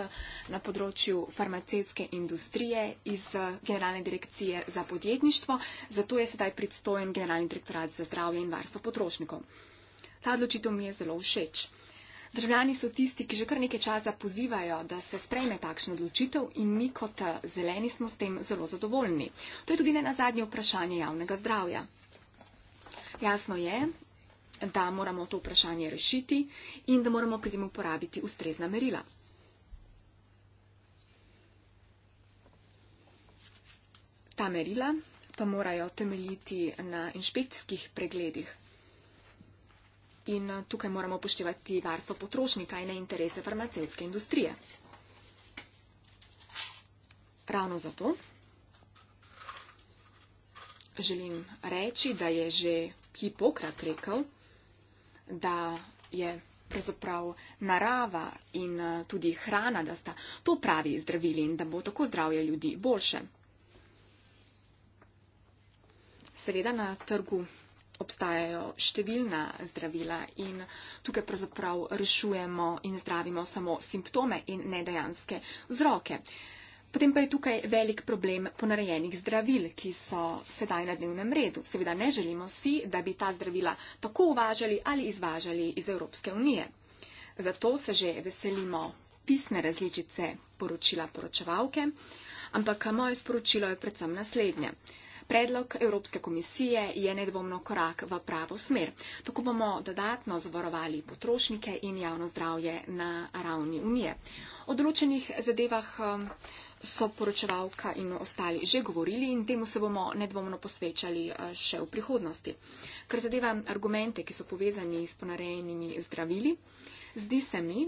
[SPEAKER 1] na področju farmacijske industrije iz Generalne direkcije za podjetništvo, zato je sedaj pristojen Generalni direktorat za zdravje in varstvo potrošnikov. Ta odločitev mi je zelo všeč. Državljani so tisti, ki že kar nekaj časa pozivajo, da se sprejme takšno odločitev in mi kot zeleni smo s tem zelo zadovoljni. To je tudi ne na zadnje vprašanje javnega zdravja. Jasno je, da moramo to vprašanje rešiti in da moramo pri tem uporabiti ustrezna merila. Ta merila pa morajo temeljiti na inšpekcijskih pregledih. In eh, tukaj moramo upoštevati varstvo potrošnika in ne interese farmacevtske industrije. Ravno zato želim reči, da je že Hipokrat rekel, da je pravzaprav narava in eh, tudi hrana, da sta to pravi zdravili in da bo tako zdravje ljudi boljše. Seveda na trgu obstajajo številna zdravila in tukaj pravzaprav rešujemo in zdravimo samo simptome in nedajanske vzroke. Potem pa je tukaj velik problem ponarejenih zdravil, ki so sedaj na dnevnem redu. Seveda ne želimo si, da bi ta zdravila tako uvažali ali izvažali iz Evropske unije. Zato se že veselimo pisne različice poročila poročevalke, ampak moje sporočilo je predvsem naslednje. Predlog Evropske komisije je nedvomno korak v pravo smer. Tako bomo dodatno zavarovali potrošnike in javno zdravje na ravni unije. O določenih zadevah. Um, so poročevalka in ostali že govorili in temu se bomo nedvomno posvečali eh, še v prihodnosti. Kar zadeva argumente, ki so povezani s ponarejenimi zdravili, zdi se mi,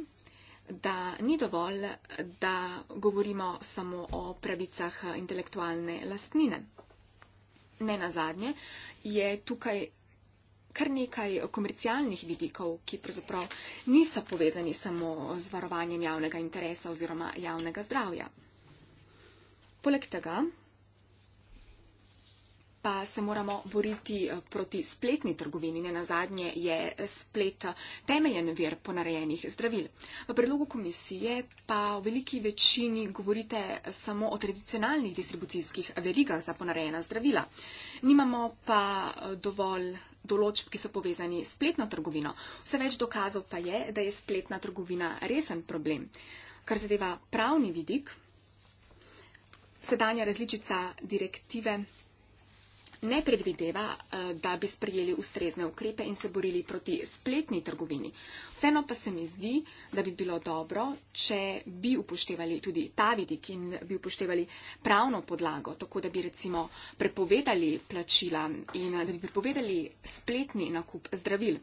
[SPEAKER 1] da ni dovolj, da govorimo samo o pravicah intelektualne lastnine. Ne na zadnje je tukaj kar nekaj komercialnih vidikov, ki pravzaprav niso povezani samo z varovanjem javnega interesa oziroma javnega zdravja. Poleg tega pa se moramo boriti eh, proti spletni trgovini. Ne na zadnje je splet eh, temeljen vir ponarejenih zdravil. V predlogu komisije pa v veliki večini govorite eh, samo o tradicionalnih distribucijskih verigah za ponarejena zdravila. Nimamo pa dovolj določb, ki so povezani s spletno trgovino. Vse več dokazov pa je, da je spletna trgovina resen problem. Kar zadeva pravni vidik, sedanja različica direktive ne predvideva, eh, da bi sprejeli ustrezne ukrepe in se borili proti spletni trgovini. Vseeno pa se mi zdi, da bi bilo dobro, če bi upoštevali tudi ta vidik in bi upoštevali pravno podlago, tako da bi recimo prepovedali plačila in da bi prepovedali spletni nakup zdravil.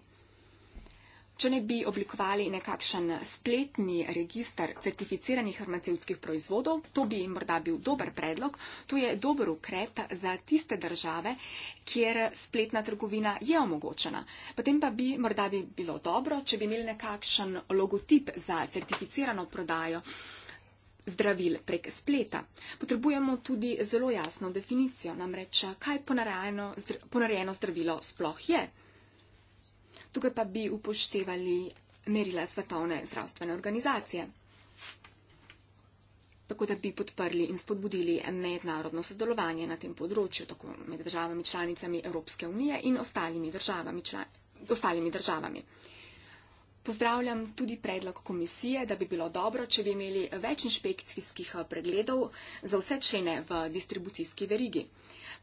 [SPEAKER 1] Če ne bi oblikovali nekakšen spletni registar certificiranih farmacevtskih proizvodov, to bi morda bil dober predlog. To je dober ukrep za tiste države, kjer spletna trgovina je omogočena. Potem pa bi morda bi bilo dobro, če bi imeli nekakšen logotip za certificirano prodajo zdravil prek spleta. Potrebujemo tudi zelo jasno definicijo, namreč kaj ponarejeno zdravilo sploh je tukaj pa bi upoštevali merila Svetovne zdravstvene organizacije. Tako da bi podprli in spodbudili mednarodno sodelovanje na tem področju, tako med državami članicami Evropske unije in ostalimi državami. Član, ostalimi državami. Pozdravljam tudi predlog komisije, da bi bilo dobro, če bi imeli več inšpekcijskih eh, pregledov za vse člene v distribucijski verigi.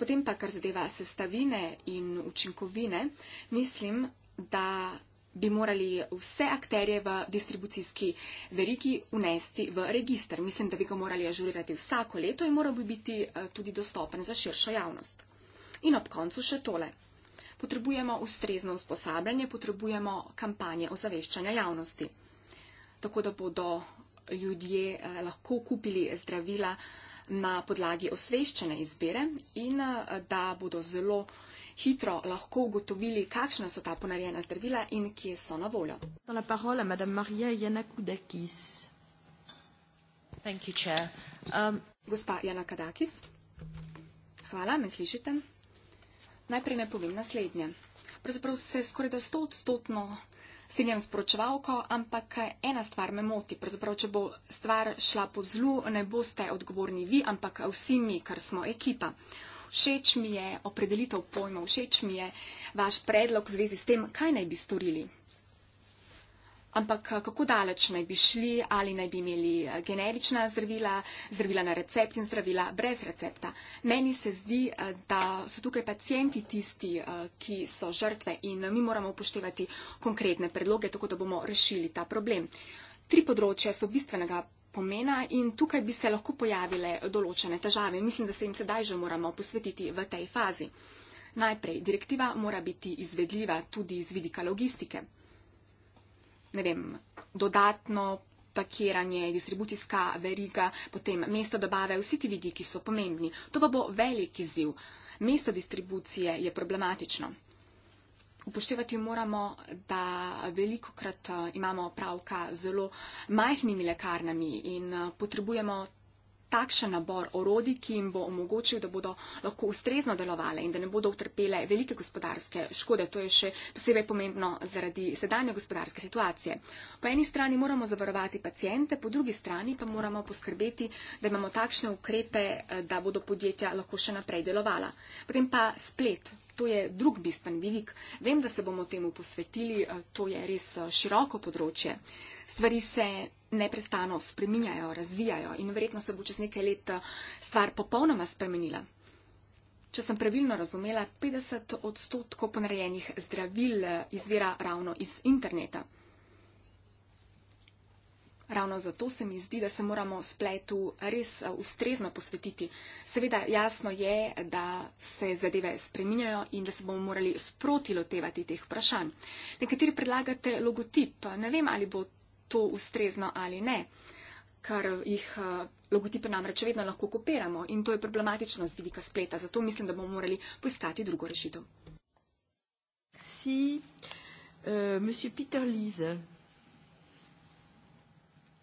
[SPEAKER 1] Potem pa, kar zadeva sestavine in učinkovine, mislim, da bi morali vse akterje v distribucijski verigi unesti v registr. Mislim, da bi ga morali ažurirati vsako leto in moral bi biti eh, tudi dostopen za širšo javnost. In ob koncu še tole. Potrebujemo ustrezno usposabljanje, potrebujemo kampanje o zaveščanju javnosti, tako da bodo ljudje eh, lahko kupili zdravila na podlagi osveščene izbire in eh, da bodo zelo uh, hitro lahko ugotovili, kakšna so ta ponarejena zdravila in kje so na voljo. Um, Gospa Jana Kadakis, hvala, me slišite. Najprej ne povem naslednje. Pravzaprav se skoraj da stotstotno strinjam s poročevalko, ampak ena stvar me moti. Pravzaprav, če bo stvar šla po zlu, ne boste odgovorni vi, ampak vsi mi, ker smo ekipa všeč mi je opredelitev pojma, všeč mi je vaš predlog v zvezi s tem, kaj naj bi storili. Ampak, kako daleč naj bi šli, ali naj bi imeli eh, generična zdravila, zdravila na recept in zdravila brez recepta? Meni se zdi, eh, da so tukaj pacienti tisti, eh, ki so žrtve in mi moramo upoštevati konkretne predloge, tako da bomo rešili ta problem. Tri področja so bistvenega pomena in tukaj bi se lahko pojavile določene težave. Mislim, da se jim sedaj že moramo posvetiti v tej fazi. Najprej, direktiva mora biti izvedljiva tudi z vidika logistike. Ne vem, dodatno pakiranje, distribucijska veriga, potem mesto dobave, vsi ti vidiki so pomembni. To pa bo velik izziv. Mesto distribucije je problematično. Upoštevati moramo, da veliko krat eh, imamo pravka z zelo majhnimi lekarnami in eh, potrebujemo takšen nabor orodij, ki jim bo omogočil, da bodo lahko ustrezno delovale in da ne bodo utrpele velike gospodarske škode. To je še posebej pomembno zaradi sedanje gospodarske situacije. Po eni strani moramo zavarovati pacijente, po drugi strani pa moramo poskrbeti, da imamo takšne ukrepe, eh, da bodo podjetja lahko še naprej delovala. Potem pa splet. To je drug bistven vidik. Vem, da se bomo temu posvetili, eh, to je res eh, široko področje. Stvari se neprestano spreminjajo, razvijajo in verjetno se bo čez nekaj let eh, stvar popolnoma spremenila. Če sem pravilno razumela, 50 odstotkov ponarejenih zdravil izvira ravno iz interneta. Ravno zato se mi zdi, da se moramo spletu res eh, ustrezno posvetiti. Seveda jasno je, da se zadeve spreminjajo in da se bomo morali sproti lotevati teh vprašanj. Nekateri predlagate logotip, ne vem, ali bo to ustrezno ali ne, ker jih eh, logotipe namreč vedno lahko kopiramo in to je problematično z vidika spleta, zato mislim, da bomo morali poiskati drugo rešitev. Si, uh,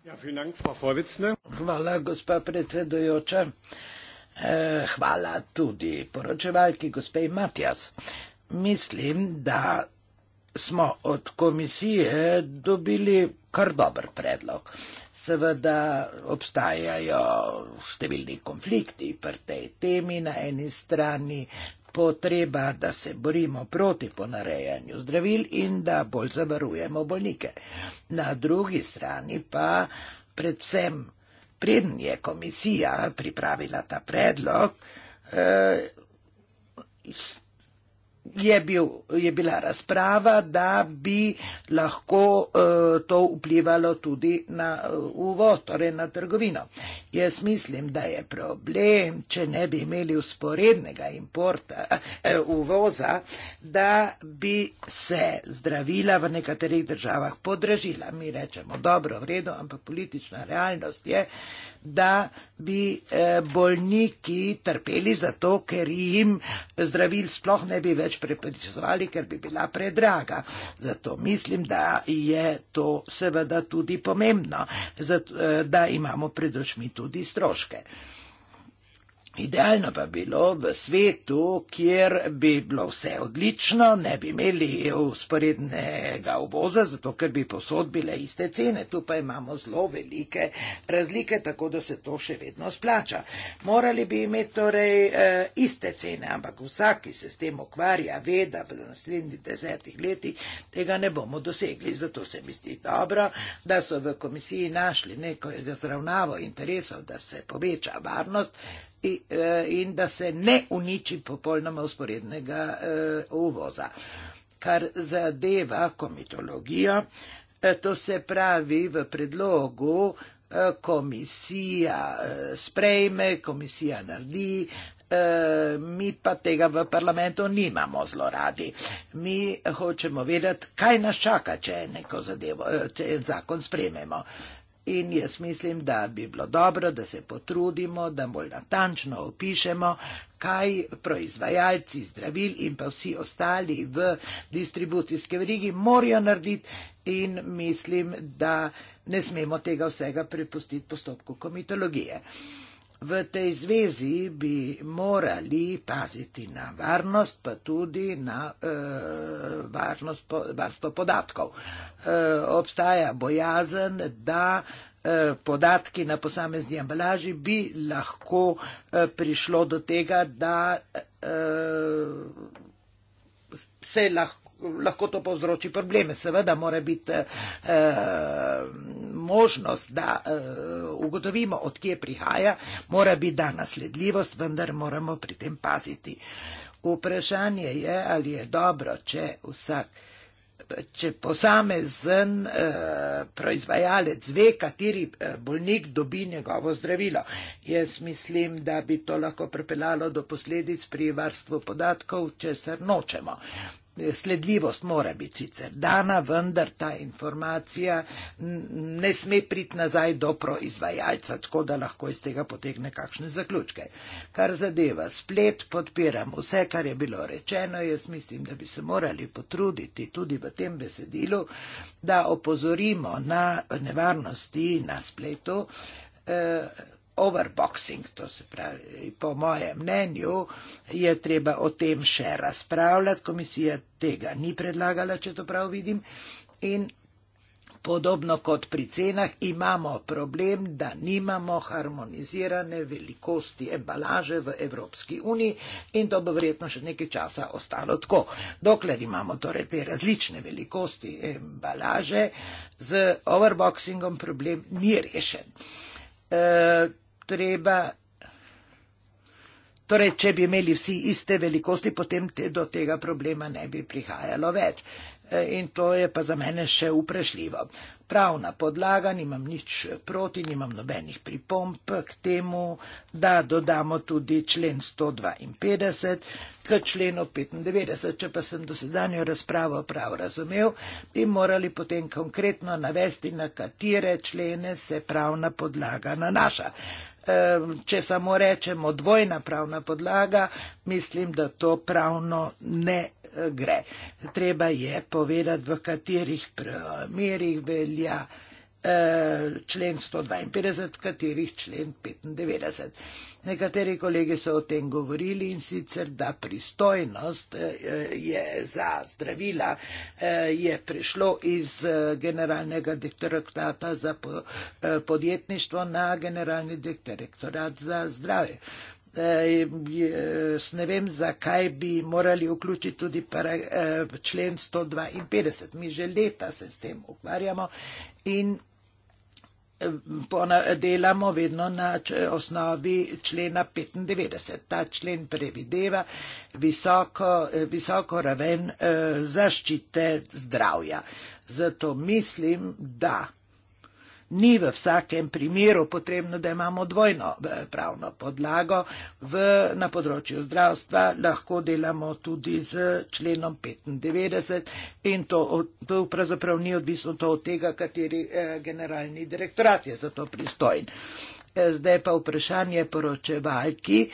[SPEAKER 4] Ja, hvala, gospa predsedujoča. Eh, hvala tudi poročevalki, gospej Matjas. Mislim, da smo od komisije dobili kar dober predlog. Seveda obstajajo številni konflikti pri tej temi na eni strani, potreba, da se borimo proti ponarejanju zdravil in da bolj zavarujemo bolnike. Na drugi strani pa predvsem predn je komisija pripravila ta predlog, eh, je, bil, je bila razprava, da bi lahko eh, to vplivalo tudi na eh, uvoz, torej na trgovino. Jaz mislim, da je problem, če ne bi imeli usporednega importa, eh, uvoza, da bi se zdravila v nekaterih državah podražila. Mi rečemo, dobro, vredno, ampak politična realnost je, da bi eh, bolniki trpeli zato, ker jim zdravil sploh ne bi več prepričevali, ker bi bila predraga. Zato mislim, da je to seveda tudi pomembno, zato, eh, da imamo pred očmi tudi tudi stroške. Idealno pa bilo v svetu, kjer bi bilo vse odlično, ne bi imeli usporednega uvoza, zato ker bi posod bile iste cene. Tu pa imamo zelo velike razlike, tako da se to še vedno splača. Morali bi imeti torej eh, iste cene, ampak vsak, ki se s tem ukvarja, ve, da v naslednjih desetih letih tega ne bomo dosegli. Zato se mi zdi dobro, da so v komisiji našli neko razravnavo interesov, da se poveča varnost. E, in da se ne uniči popolnoma usporednega e, uvoza. Kar zadeva komitologijo, e, to se pravi v predlogu komisija sprejme, komisija naredi, mi pa tega v parlamentu nimamo zelo radi. Mi hočemo vedeti, kaj nas čaka, če, zadevo, če zakon sprejmemo. In jaz mislim, da bi bilo dobro, da se potrudimo, da bolj natančno opišemo, kaj proizvajalci zdravil in pa vsi ostali v distribucijske verigi morajo narediti. In mislim, da ne smemo tega vsega prepustiti postopku komitologije. Uh, V tej zvezi bi morali paziti na varnost, pa tudi na e, varnost, po, varstvo podatkov. E, obstaja bojazen, da e, podatki na posamezni embalaži bi lahko e, prišlo do tega, da. E, Se lahko lahko to povzroči probleme. Seveda mora biti e, možnost, da e, ugotovimo, odkje prihaja, mora biti dana sledljivost, vendar moramo pri tem paziti. Vprašanje je, ali je dobro, če vsak. Če posamezen eh, proizvajalec ve, kateri eh, bolnik dobi njegovo zdravilo, jaz mislim, da bi to lahko pripeljalo do posledic pri varstvu podatkov, če se nočemo sledljivost mora biti sicer dana, vendar ta informacija ne sme priti nazaj do proizvajalca, tako da lahko iz tega potegne kakšne zaključke. Kar zadeva splet, podpiram vse, kar je bilo rečeno. Jaz mislim, da bi se morali potruditi tudi v tem besedilu, da opozorimo na nevarnosti na spletu. Eh, overboxing, to se pravi, po mojem mnenju je treba o tem še razpravljati, komisija tega ni predlagala, če to prav vidim. In podobno kot pri cenah imamo problem, da nimamo harmonizirane velikosti embalaže v Evropski uniji in to bo verjetno še nekaj časa ostalo tako. Dokler imamo torej te različne velikosti embalaže, z overboxingom problem ni rešen. Eh, treba. Torej, če bi imeli vsi iste velikosti, potem te, do tega problema ne bi prihajalo več. E, in to je pa za mene še uprešljivo. Pravna podlaga, nimam nič proti, nimam nobenih pripomp k temu, da dodamo tudi člen 152 k členu 95. Če pa sem dosedanjo razpravo prav razumev, bi morali potem konkretno navesti, na katere člene se pravna podlaga nanaša če samo rečemo dvojna pravna podlaga, mislim, da to pravno ne eh, gre. Treba je povedati, v katerih primerih velja člen 152, katerih člen 95. Nekateri kolegi so o tem govorili in sicer, da pristojnost eh, je za zdravila eh, je prišlo iz eh, generalnega direktorata za podjetništvo na generalni direktorat za zdrave. Jaz ne vem, zakaj bi morali vključiti tudi para, člen 152. Mi že leta se s tem ukvarjamo in delamo vedno na osnovi člena 95. Ta člen prevideva visoko, visoko raven eh, zaščite zdravja. Zato mislim, da ni v vsakem primeru potrebno, da imamo dvojno eh, pravno podlago. V, na področju zdravstva lahko delamo tudi z členom 95 in to, to pravzaprav ni odvisno to od tega, kateri eh, generalni direktorat je za to pristojen. Eh, zdaj pa vprašanje poročevalki,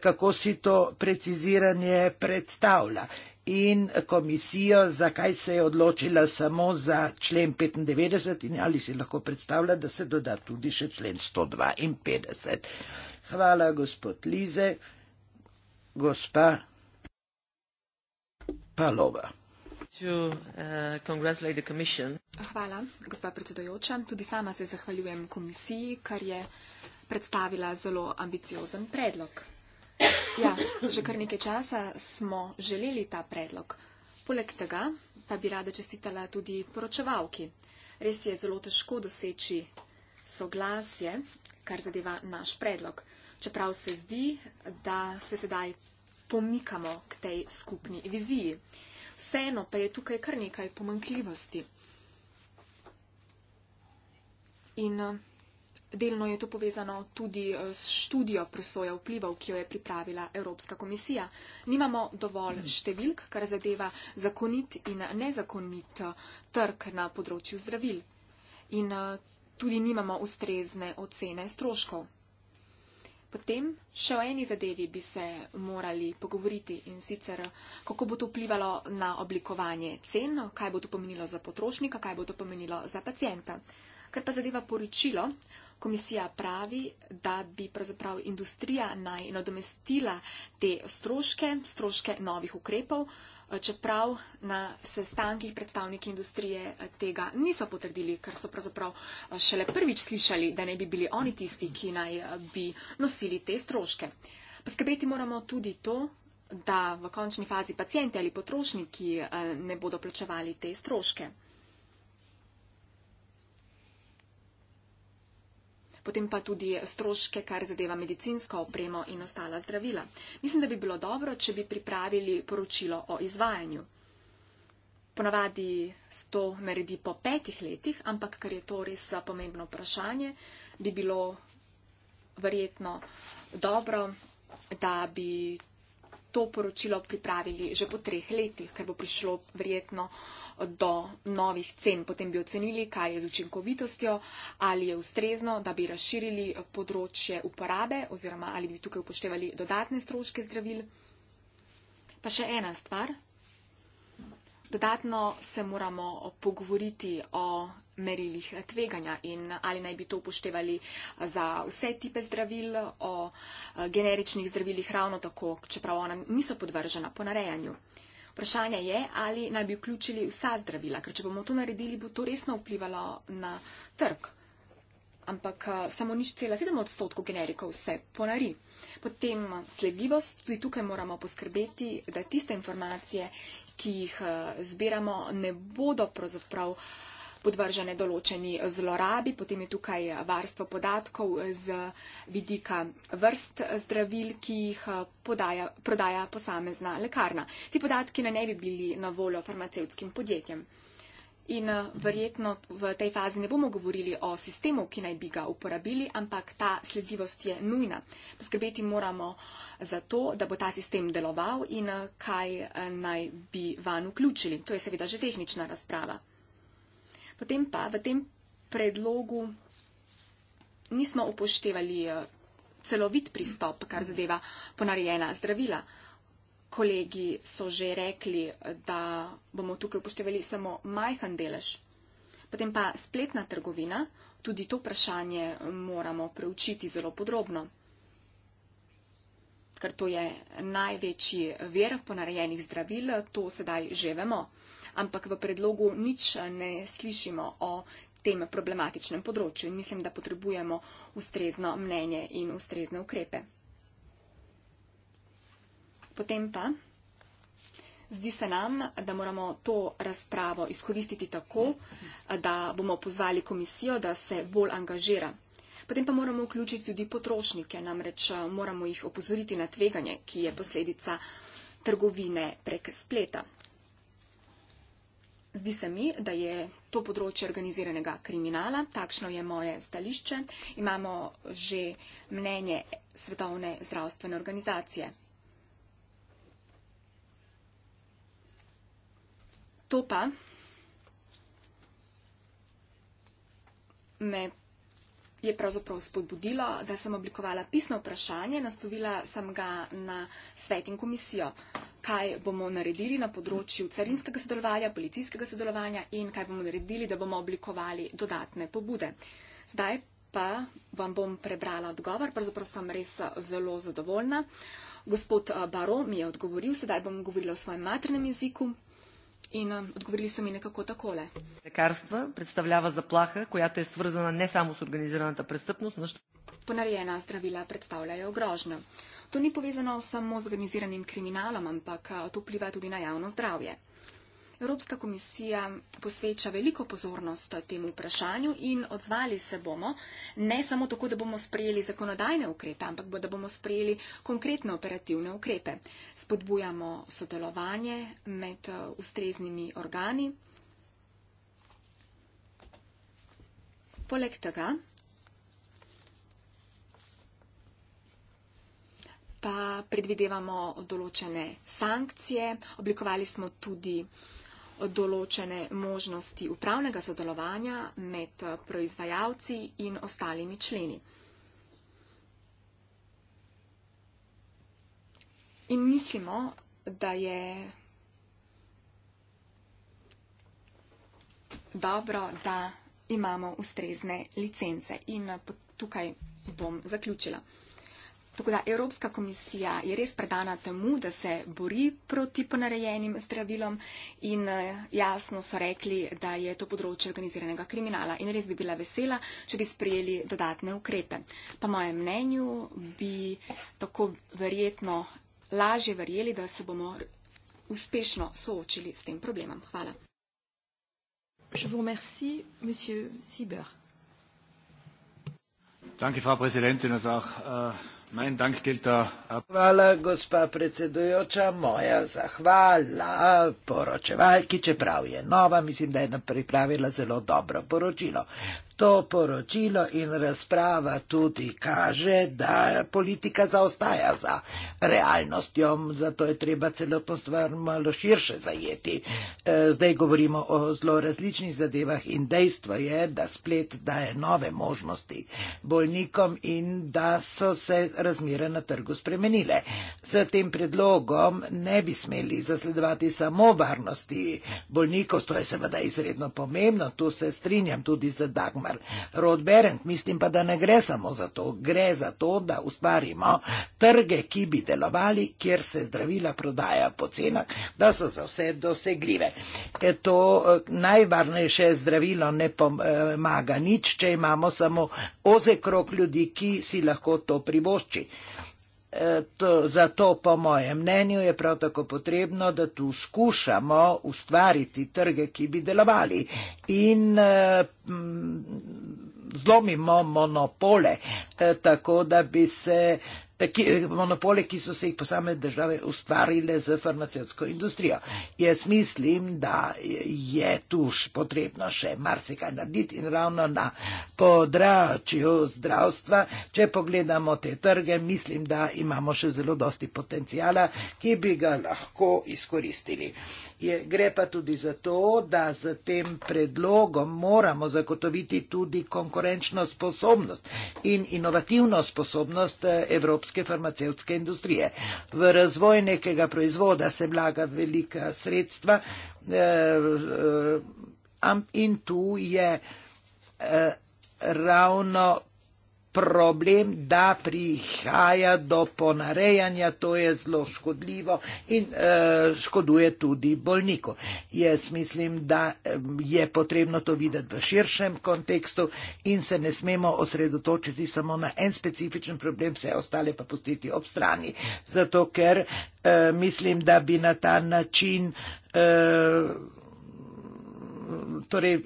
[SPEAKER 4] kako si to preciziranje predstavlja in komisijo, zakaj se je odločila samo za člen 95 in ali si lahko predstavlja, da se doda tudi še člen 152. Hvala, gospod Lize, gospa
[SPEAKER 3] Palova. Uh,
[SPEAKER 1] Hvala, gospa predsedojoča. Tudi sama se zahvaljujem komisiji, kar je predstavila zelo ambiciozen predlog. Ja, že kar nekaj časa smo želeli ta predlog. Poleg tega pa bi rada čestitala tudi poročevalki. Res je zelo težko doseči soglasje, kar zadeva naš predlog. Čeprav se zdi, da se sedaj pomikamo k tej skupni viziji. Vseeno pa je tukaj kar nekaj pomankljivosti. In Delno je to povezano tudi eh, s študijo presoja vplivov, ki jo je pripravila Evropska komisija. Nimamo dovolj številk, kar zadeva zakonit in nezakonit eh, trg na področju zdravil. In eh, tudi nimamo ustrezne ocene stroškov. Potem še o eni zadevi bi se morali pogovoriti in sicer, kako bo to vplivalo na oblikovanje cen, kaj bo to pomenilo za potrošnika, kaj bo to pomenilo za pacijenta. Ker pa zadeva poročilo, Komisija pravi, da bi pravzaprav industrija naj nadomestila te stroške, stroške novih ukrepov, čeprav na sestankih predstavniki industrije eh, tega niso potrdili, ker so pravzaprav eh, šele prvič slišali, da ne bi bili oni tisti, ki naj eh, bi nosili te stroške. Poskrbeti moramo tudi to, da v končni fazi pacijenti ali potrošniki ne bodo plačevali te stroške. potem pa tudi stroške, kar zadeva medicinsko opremo in ostala zdravila. Mislim, da bi bilo dobro, če bi pripravili poročilo o izvajanju. Ponavadi to naredi po petih letih, ampak ker je to res pomembno vprašanje, bi bilo verjetno dobro, da bi to poročilo pripravili že po treh letih, ker bo prišlo verjetno do novih cen. Potem bi ocenili, kaj je z učinkovitostjo, ali je ustrezno, da bi razširili področje uporabe oziroma ali bi tukaj upoštevali dodatne stroške zdravil. Pa še ena stvar, Dodatno se moramo pogovoriti o merilih tveganja in ali naj bi to upoštevali za vse tipe zdravil, o eh, generičnih zdravilih ravno tako, čeprav ona niso podvržena po narejanju. Vprašanje je, ali naj bi vključili vsa zdravila, ker če bomo to naredili, bo to resno vplivalo na trg. Ampak eh, samo nič cela 7 odstotkov generikov se ponari. Potem sledljivost, tudi tukaj moramo poskrbeti, da tiste informacije, ki jih eh, zbiramo, ne bodo pravzaprav podvržene določeni eh, zlorabi. Potem je tukaj eh, varstvo podatkov z vidika vrst zdravil, ki jih podaja, prodaja posamezna lekarna. Ti podatki ne bi bili na voljo farmacevskim podjetjem. In eh, verjetno v tej fazi ne bomo govorili o sistemu, ki naj bi ga uporabili, ampak ta sledljivost je nujna. Poskrbeti moramo za to, da bo ta sistem deloval in eh, kaj eh, naj bi van vključili. To je seveda že tehnična razprava. Potem pa v tem predlogu nismo upoštevali celovit pristop, kar zadeva ponarejena zdravila kolegi so že rekli, da bomo tukaj upoštevali samo majhen delež. Potem pa spletna trgovina, tudi to vprašanje moramo preučiti zelo podrobno, ker to je največji vir ponarejenih zdravil, to sedaj že vemo, ampak v predlogu nič ne slišimo o tem problematičnem področju in mislim, da potrebujemo ustrezno mnenje in ustrezne ukrepe. Potem pa, zdi se nam, da moramo to razpravo izkoristiti tako, da bomo pozvali komisijo, da se bolj angažira. Potem pa moramo vključiti tudi potrošnike, namreč eh, moramo jih opozoriti na tveganje, ki je posledica trgovine prek spleta. Zdi se mi, da je to področje organiziranega kriminala, takšno je moje stališče, imamo že mnenje Svetovne zdravstvene organizacije. To pa me je pravzaprav spodbudilo, da sem oblikovala pisno vprašanje, naslovila sem ga na svet in komisijo, kaj bomo naredili na področju carinskega sodelovanja, policijskega sodelovanja in kaj bomo naredili, da bomo oblikovali dodatne pobude. Zdaj pa vam bom prebrala odgovor, pravzaprav sem res zelo zadovoljna. Gospod eh, Baro mi je odgovoril, sedaj bom govorila v svojem maternem jeziku. In um, odgovorili so mi nekako takole.
[SPEAKER 3] Prekarstva predstavljava zaplaha, kojata je svrzana ne samo s organiziranata prestupnost. Št...
[SPEAKER 1] Ponarejena zdravila predstavljajo grožnjo. To ni povezano samo z organiziranim kriminalom, ampak to pliva tudi na javno zdravje. Evropska komisija posveča veliko pozornost temu vprašanju in odzvali se bomo ne samo tako, da bomo sprejeli zakonodajne ukrepe, ampak da bomo sprejeli konkretne operativne ukrepe. Spodbujamo sodelovanje med ustreznimi organi. Poleg tega pa predvidevamo določene sankcije, oblikovali smo tudi uh, določene možnosti upravnega sodelovanja med proizvajalci in ostalimi členi. In mislimo, da je dobro, da imamo ustrezne licence. In tukaj bom zaključila. Tako da Evropska komisija je res predana temu, da se bori proti ponarejenim zdravilom in eh, jasno so rekli, da je to področje organiziranega kriminala in res bi bila vesela, če bi sprejeli dodatne ukrepe. Po mojem mnenju bi tako verjetno lažje verjeli, da se bomo uspešno soočili s tem problemom. Hvala.
[SPEAKER 2] Danke, Frau Präsidentin, das auch äh, Mein Dank gilt da.
[SPEAKER 4] Hvala, gospa predsedujoča, moja zahvala poročevalki, čeprav je nova, mislim, da je nam pripravila zelo dobro poročilo. To poročilo in razprava tudi kaže, da politika zaostaja za realnostjo, zato je treba celotno stvar malo širše zajeti. E, zdaj govorimo o zelo različnih zadevah in dejstvo je, da splet daje nove možnosti bolnikom in da so se razmere na trgu spremenile. Z tem predlogom ne bi smeli zasledovati samo varnosti bolnikov, to je seveda izredno pomembno, tu se strinjam tudi z Dagmar. Ingmar Rodberend, mislim pa, da ne gre samo za to, gre za to, da ustvarimo trge, ki bi delovali, kjer se zdravila prodaja po cenah, da so za vse dosegljive. E to e, najvarnejše zdravilo ne pomaga nič, če imamo samo ozekrok ljudi, ki si lahko to privoščijo to, zato po mojem mnenju je prav tako potrebno, da tu skušamo ustvariti trge, ki bi delovali in eh, zlomimo monopole, eh, tako da bi se eh, Eh, ki, eh, monopole, ki so se jih posame države ustvarile z farmacevsko industrijo. Jaz mislim, da je tu potrebno še marsikaj narediti in ravno na področju zdravstva, če pogledamo te trge, mislim, da imamo še zelo dosti potencijala, ki bi ga lahko izkoristili. Uh, Je, gre pa tudi za to, da z tem predlogom moramo zagotoviti tudi konkurenčno sposobnost in inovativno sposobnost eh, evropske farmacevtske industrije. V razvoj nekega proizvoda se vlaga velika sredstva eh, eh in tu je eh, ravno problem, da prihaja do ponarejanja, to je zelo škodljivo in e, škoduje tudi bolniku. Jaz mislim, da eh, je potrebno to videti v širšem kontekstu in se ne smemo osredotočiti samo na en specifičen problem, vse ostale pa pustiti ob strani. Zato ker e, mislim, da bi na ta način. E, torej, eh,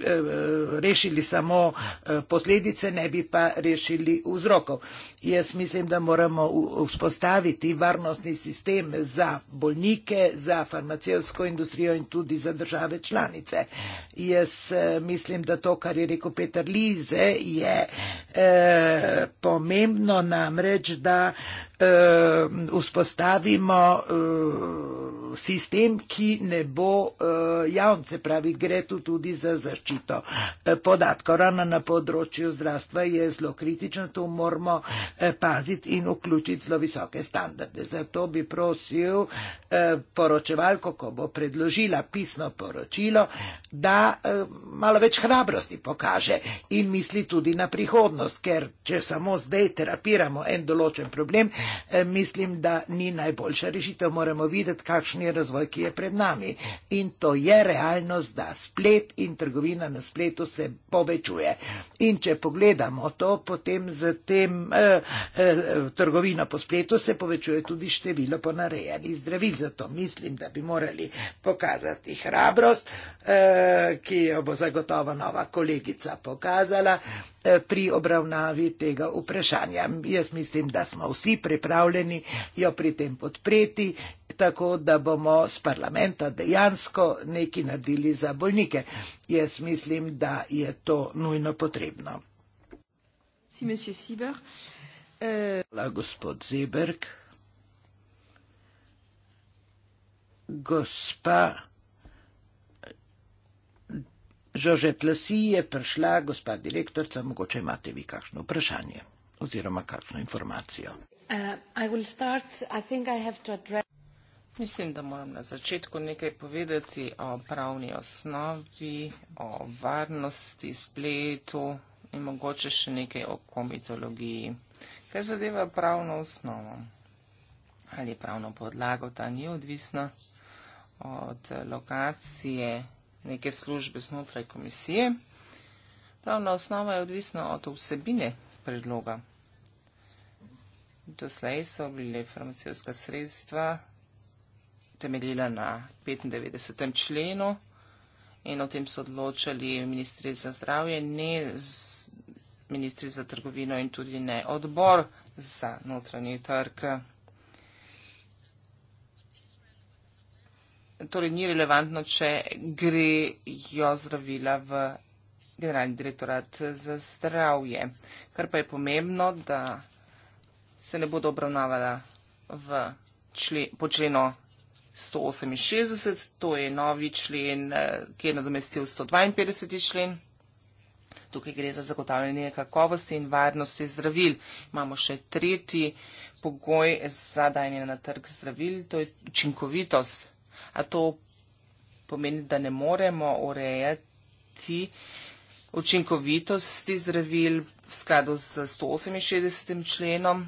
[SPEAKER 4] rešili samo eh, posledice, ne bi pa rešili vzrokov. Jaz mislim, da moramo vzpostaviti varnostni sistem za bolnike, za farmacijsko industrijo in tudi za države članice. Jaz eh, mislim, da to, kar je rekel Peter Lize, je eh, pomembno namreč, da eh, vzpostavimo eh, sistem, ki ne bo eh, javn, se pravi, gre tu tudi za zaščito eh, podatkov. Rana na področju zdravstva je zelo kritična, tu moramo Eh, paziti in vključiti zelo visoke standarde. Zato bi prosil eh, poročevalko, ko bo predložila pisno poročilo, da eh, malo več hrabrosti pokaže in misli tudi na prihodnost, ker če samo zdaj terapiramo en določen problem, mislim, da ni najboljša rešitev. Moramo videti, kakšen je razvoj, ki je pred nami. In to je realnost, da splet in trgovina na spletu se povečuje. In če pogledamo to, potem z tem eh, Eh, eh, trgovino po spletu, se povečuje tudi število ponarejenih zdravil. Zato mislim, da bi morali pokazati hrabrost, eh, ki jo bo zagotovo nova kolegica pokazala pri obravnavi tega vprašanja. Jaz mislim, da smo vsi pripravljeni jo pri tem podpreti, tako da bomo z parlamenta dejansko nekaj naredili za bolnike. Jaz mislim, da je to nujno potrebno.
[SPEAKER 2] Si, monsieur Sibar. Hvala,
[SPEAKER 4] gospod Zeberg. Gospa Žožet Lasi je prišla, gospa direktorca, mogoče imate vi kakšno vprašanje oziroma kakšno informacijo.
[SPEAKER 2] Uh, start, address...
[SPEAKER 3] Mislim, da moram na začetku nekaj povedati o pravni osnovi, o varnosti spletu in mogoče še nekaj o komitologiji. Kar zadeva pravno osnovo ali pravno podlago, ta ni odvisna od eh, lokacije neke službe znotraj komisije. Pravna osnova je odvisna od vsebine predloga. Doslej so bile farmacijska sredstva temeljila na 95. členu in o tem so odločali ministri za zdravje, ne ministri za trgovino in tudi ne odbor za notranji trg. Torej ni relevantno, če grejo zdravila v generalni direktorat za zdravje. Kar pa je pomembno, da se ne bodo obravnavala v člen, po členu 168, to je novi člen, eh, ki je nadomestil 152. člen. Tukaj gre za zagotavljanje kakovosti in varnosti zdravil. Imamo še tretji pogoj za dajanje na trg zdravil, to je učinkovitost. A to pomeni, da ne moremo urejati učinkovitosti zdravil v skladu z 168. členom.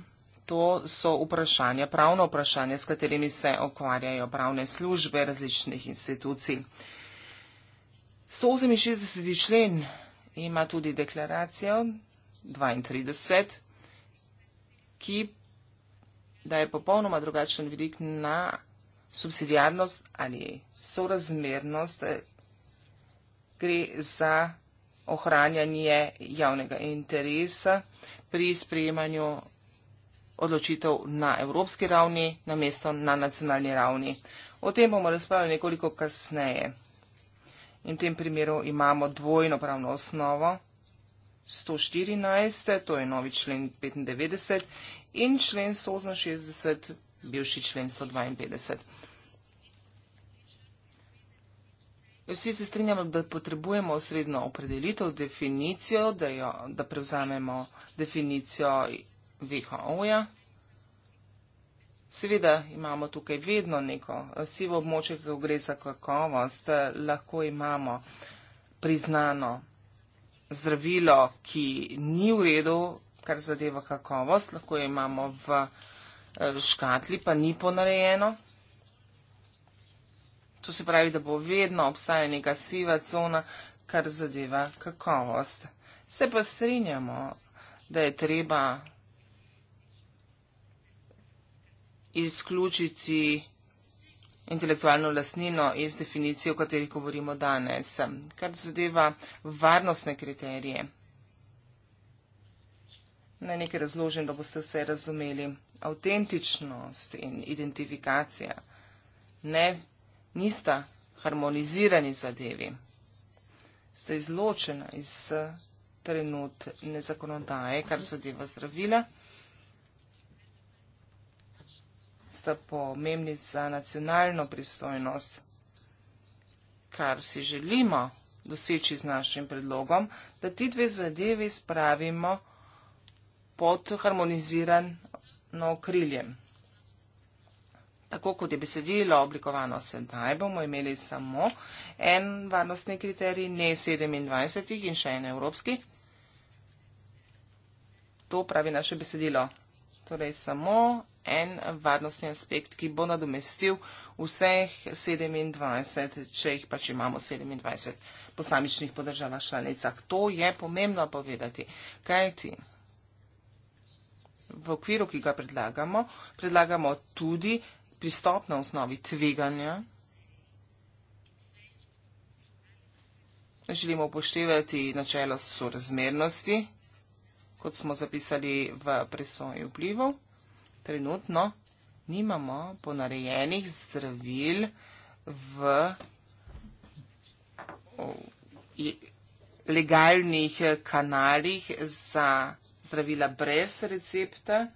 [SPEAKER 3] To so vprašanja, pravno vprašanje, s katerimi se okvarjajo pravne službe različnih institucij. 168. člen ima tudi deklaracijo 32, ki daje popolnoma drugačen vidik na subsidijarnost ali sorazmernost. Eh, gre za ohranjanje javnega interesa pri sprejemanju odločitev na evropski ravni, namesto na nacionalni ravni. O tem bomo razpravljali nekoliko kasneje. In v tem primeru imamo dvojno pravno osnovo, 114, to je novi člen 95 in člen 160, bivši člen 152. Vsi se strinjamo, da potrebujemo osredno opredelitev, definicijo, da, jo, da prevzamemo definicijo VHO-ja. Seveda imamo tukaj vedno neko eh, sivo območje, ko gre za kakovost, eh, lahko imamo priznano zdravilo, ki ni v redu, kar zadeva kakovost, lahko imamo v eh, škatli, pa ni ponarejeno. To se pravi, da bo vedno obstaja neka siva cona, kar zadeva kakovost. Se pa strinjamo, da je treba izključiti intelektualno lasnino iz definicije, o kateri govorimo danes, kar zadeva varnostne kriterije. Naj nekaj razložim, da boste vse razumeli. Autentičnost in identifikacija ne, nista harmonizirani zadevi. Sta izločena iz trenutne zakonodaje, kar zadeva zdravila. sta pomembni za nacionalno pristojnost. Kar si želimo doseči z našim predlogom, da ti dve zadevi spravimo pod harmonizirano okriljem. Tako kot je besedilo oblikovano sedaj, bomo imeli samo en varnostni kriterij, ne 27 in še en evropski. To pravi naše besedilo torej samo en varnostni aspekt, ki bo nadomestil vseh 27, če jih pač imamo 27 posamičnih po državah članicah. To je pomembno povedati, kajti v okviru, ki ga predlagamo, predlagamo tudi pristop na osnovi tveganja. Želimo upoštevati načelo sorazmernosti kot smo zapisali v presoji vplivov, trenutno nimamo ponarejenih zdravil v legalnih kanalih za zdravila brez recepta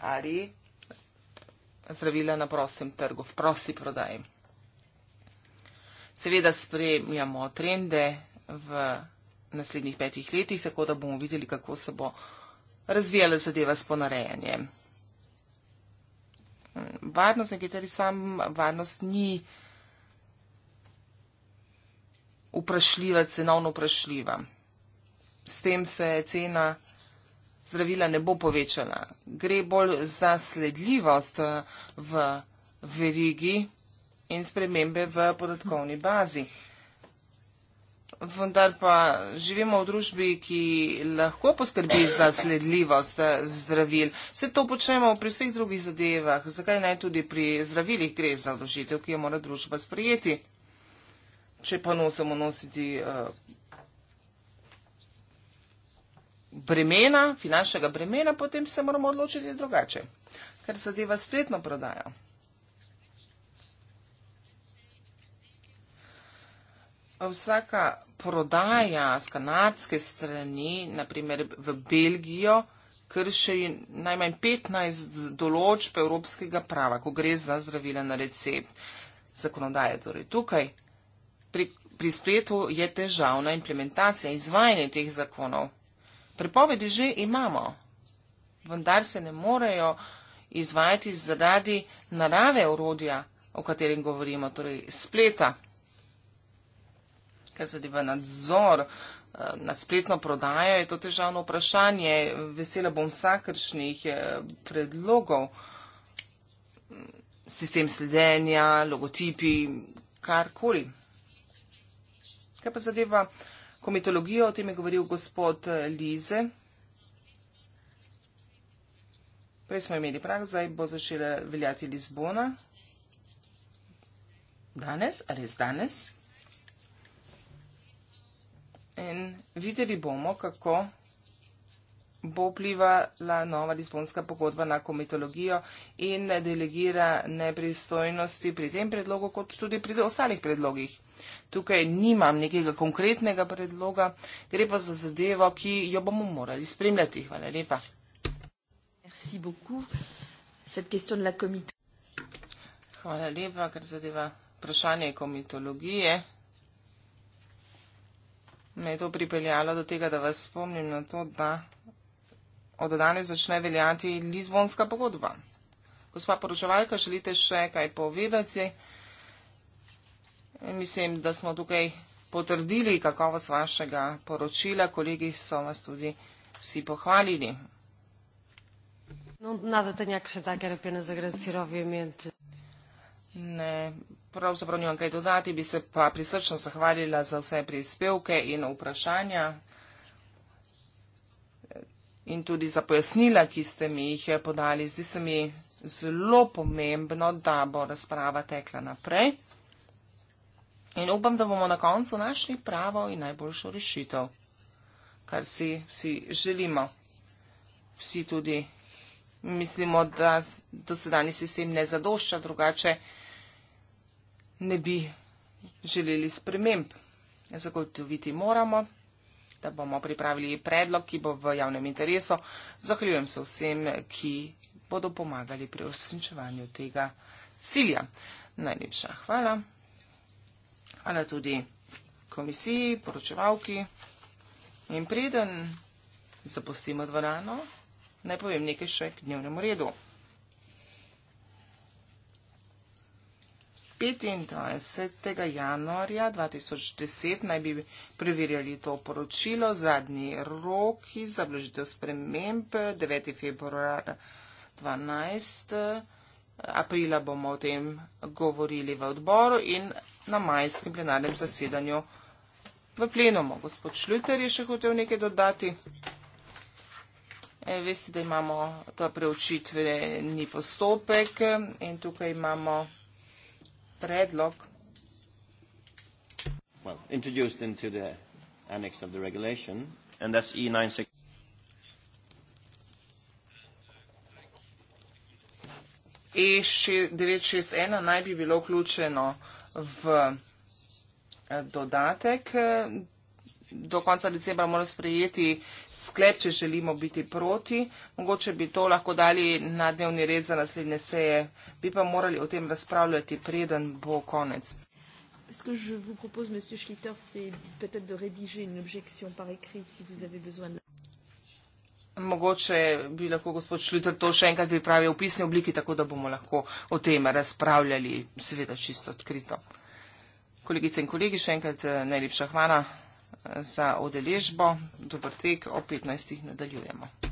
[SPEAKER 3] ali zdravila na prostem trgu, v prosti prodaji. Seveda spremljamo trende v naslednjih petih letih, tako da bomo videli, kako se bo razvijala zadeva s ponarejanjem. Varnost, nekateri sam, varnost ni uprašljiva, cenovno uprašljiva. S tem se cena zdravila ne bo povečala. Gre bolj za sledljivost eh, v verigi in spremembe v podatkovni bazi vendar pa živimo v družbi, ki lahko poskrbi za sledljivost zdravil. Vse to počnemo pri vseh drugih zadevah. Zakaj naj tudi pri zdravilih gre za odložitev, ki jo mora družba sprejeti? Če pa nosimo nositi uh, bremena, finančnega bremena, potem se moramo odločiti drugače, ker zadeva spletno prodajo. vsaka prodaja z kanadske strani, naprimer v Belgijo, krši najmanj 15 določb evropskega prava, ko gre za zdravila na recept. Zakonodaje torej tukaj. Pri, pri spletu je težavna implementacija, izvajanje teh zakonov. Prepovedi že imamo, vendar se ne morejo izvajati zaradi narave orodja, o katerem govorimo, torej spleta. Kar zadeva nadzor eh, nad spletno prodajo, je to težavno vprašanje. Vesela bom vsakršnih eh, predlogov, sistem sledenja, logotipi, karkoli. Kar pa zadeva komitologijo, o tem je govoril gospod eh, Lize. Prej smo imeli prah, zdaj bo začela veljati Lizbona. Danes, ali je danes? In videli bomo, kako bo vplivala nova Lizbonska pogodba na komitologijo in delegira nepristojnosti pri tem predlogu, kot tudi pri ostalih predlogih. Tukaj nimam nekega konkretnega predloga, gre pa za zadevo, ki jo bomo morali spremljati. Hvala lepa. Hvala lepa, ker zadeva vprašanje komitologije me je to pripeljalo do tega, da vas spomnim na to, da od danes začne veljati Lizbonska pogodba. Gospa poročevalka, želite še kaj povedati? Mislim, da smo tukaj potrdili kakovost vašega poročila, kolegi so vas tudi vsi pohvalili.
[SPEAKER 4] No, nadate nekaj še take repene za gradsirovi imeti.
[SPEAKER 3] Ne, Pravzaprav nimam kaj dodati, bi se pa prisrčno zahvalila za vse prispevke in vprašanja in tudi za pojasnila, ki ste mi jih podali. Zdi se mi zelo pomembno, da bo razprava tekla naprej. In upam, da bomo na koncu našli pravo in najboljšo rešitev, kar si vsi želimo. Vsi tudi mislimo, da dosedani sistem ne zadošča drugače ne bi želeli sprememb. Zagotoviti moramo, da bomo pripravili predlog, ki bo v javnem interesu. Zahvaljujem se vsem, ki bodo pomagali pri osinčevanju tega cilja. Najlepša hvala. Hvala tudi komisiji, poročevalki. In preden zapustimo dvorano, naj povem nekaj še k dnevnemu redu. 25. januarja 2010 naj bi preverjali to poročilo. Zadnji roki za vložitev sprememb 9. februar 12. aprila bomo o tem govorili v odboru in na majskem plenarnem zasedanju v plenumu. Gospod Šluter je še hotel nekaj dodati. E, veste, da imamo ta preučitveni postopek in tukaj imamo predlog.
[SPEAKER 2] Well, introduced into the annex of the regulation, and that's E96.
[SPEAKER 3] E961 naj bi bilo vključeno v eh, dodatek eh, do konca decembra moramo sprejeti sklep, če želimo biti proti. Mogoče bi to lahko dali na dnevni red za naslednje seje. Bi pa morali o tem razpravljati, preden bo konec.
[SPEAKER 2] Est-ce que je vous propose, M. Schlitter, c'est peut-être de rédiger une objection par écrit si vous avez besoin de.
[SPEAKER 3] Mogoče bi lahko gospod Šliter to še enkrat pripravil v pisni obliki, tako da bomo lahko o tem razpravljali, seveda čisto odkrito. Kolegice in kolegi, še enkrat eh, najlepša hvala za udeležbo. Dobro tek, o 15. nadaljujemo.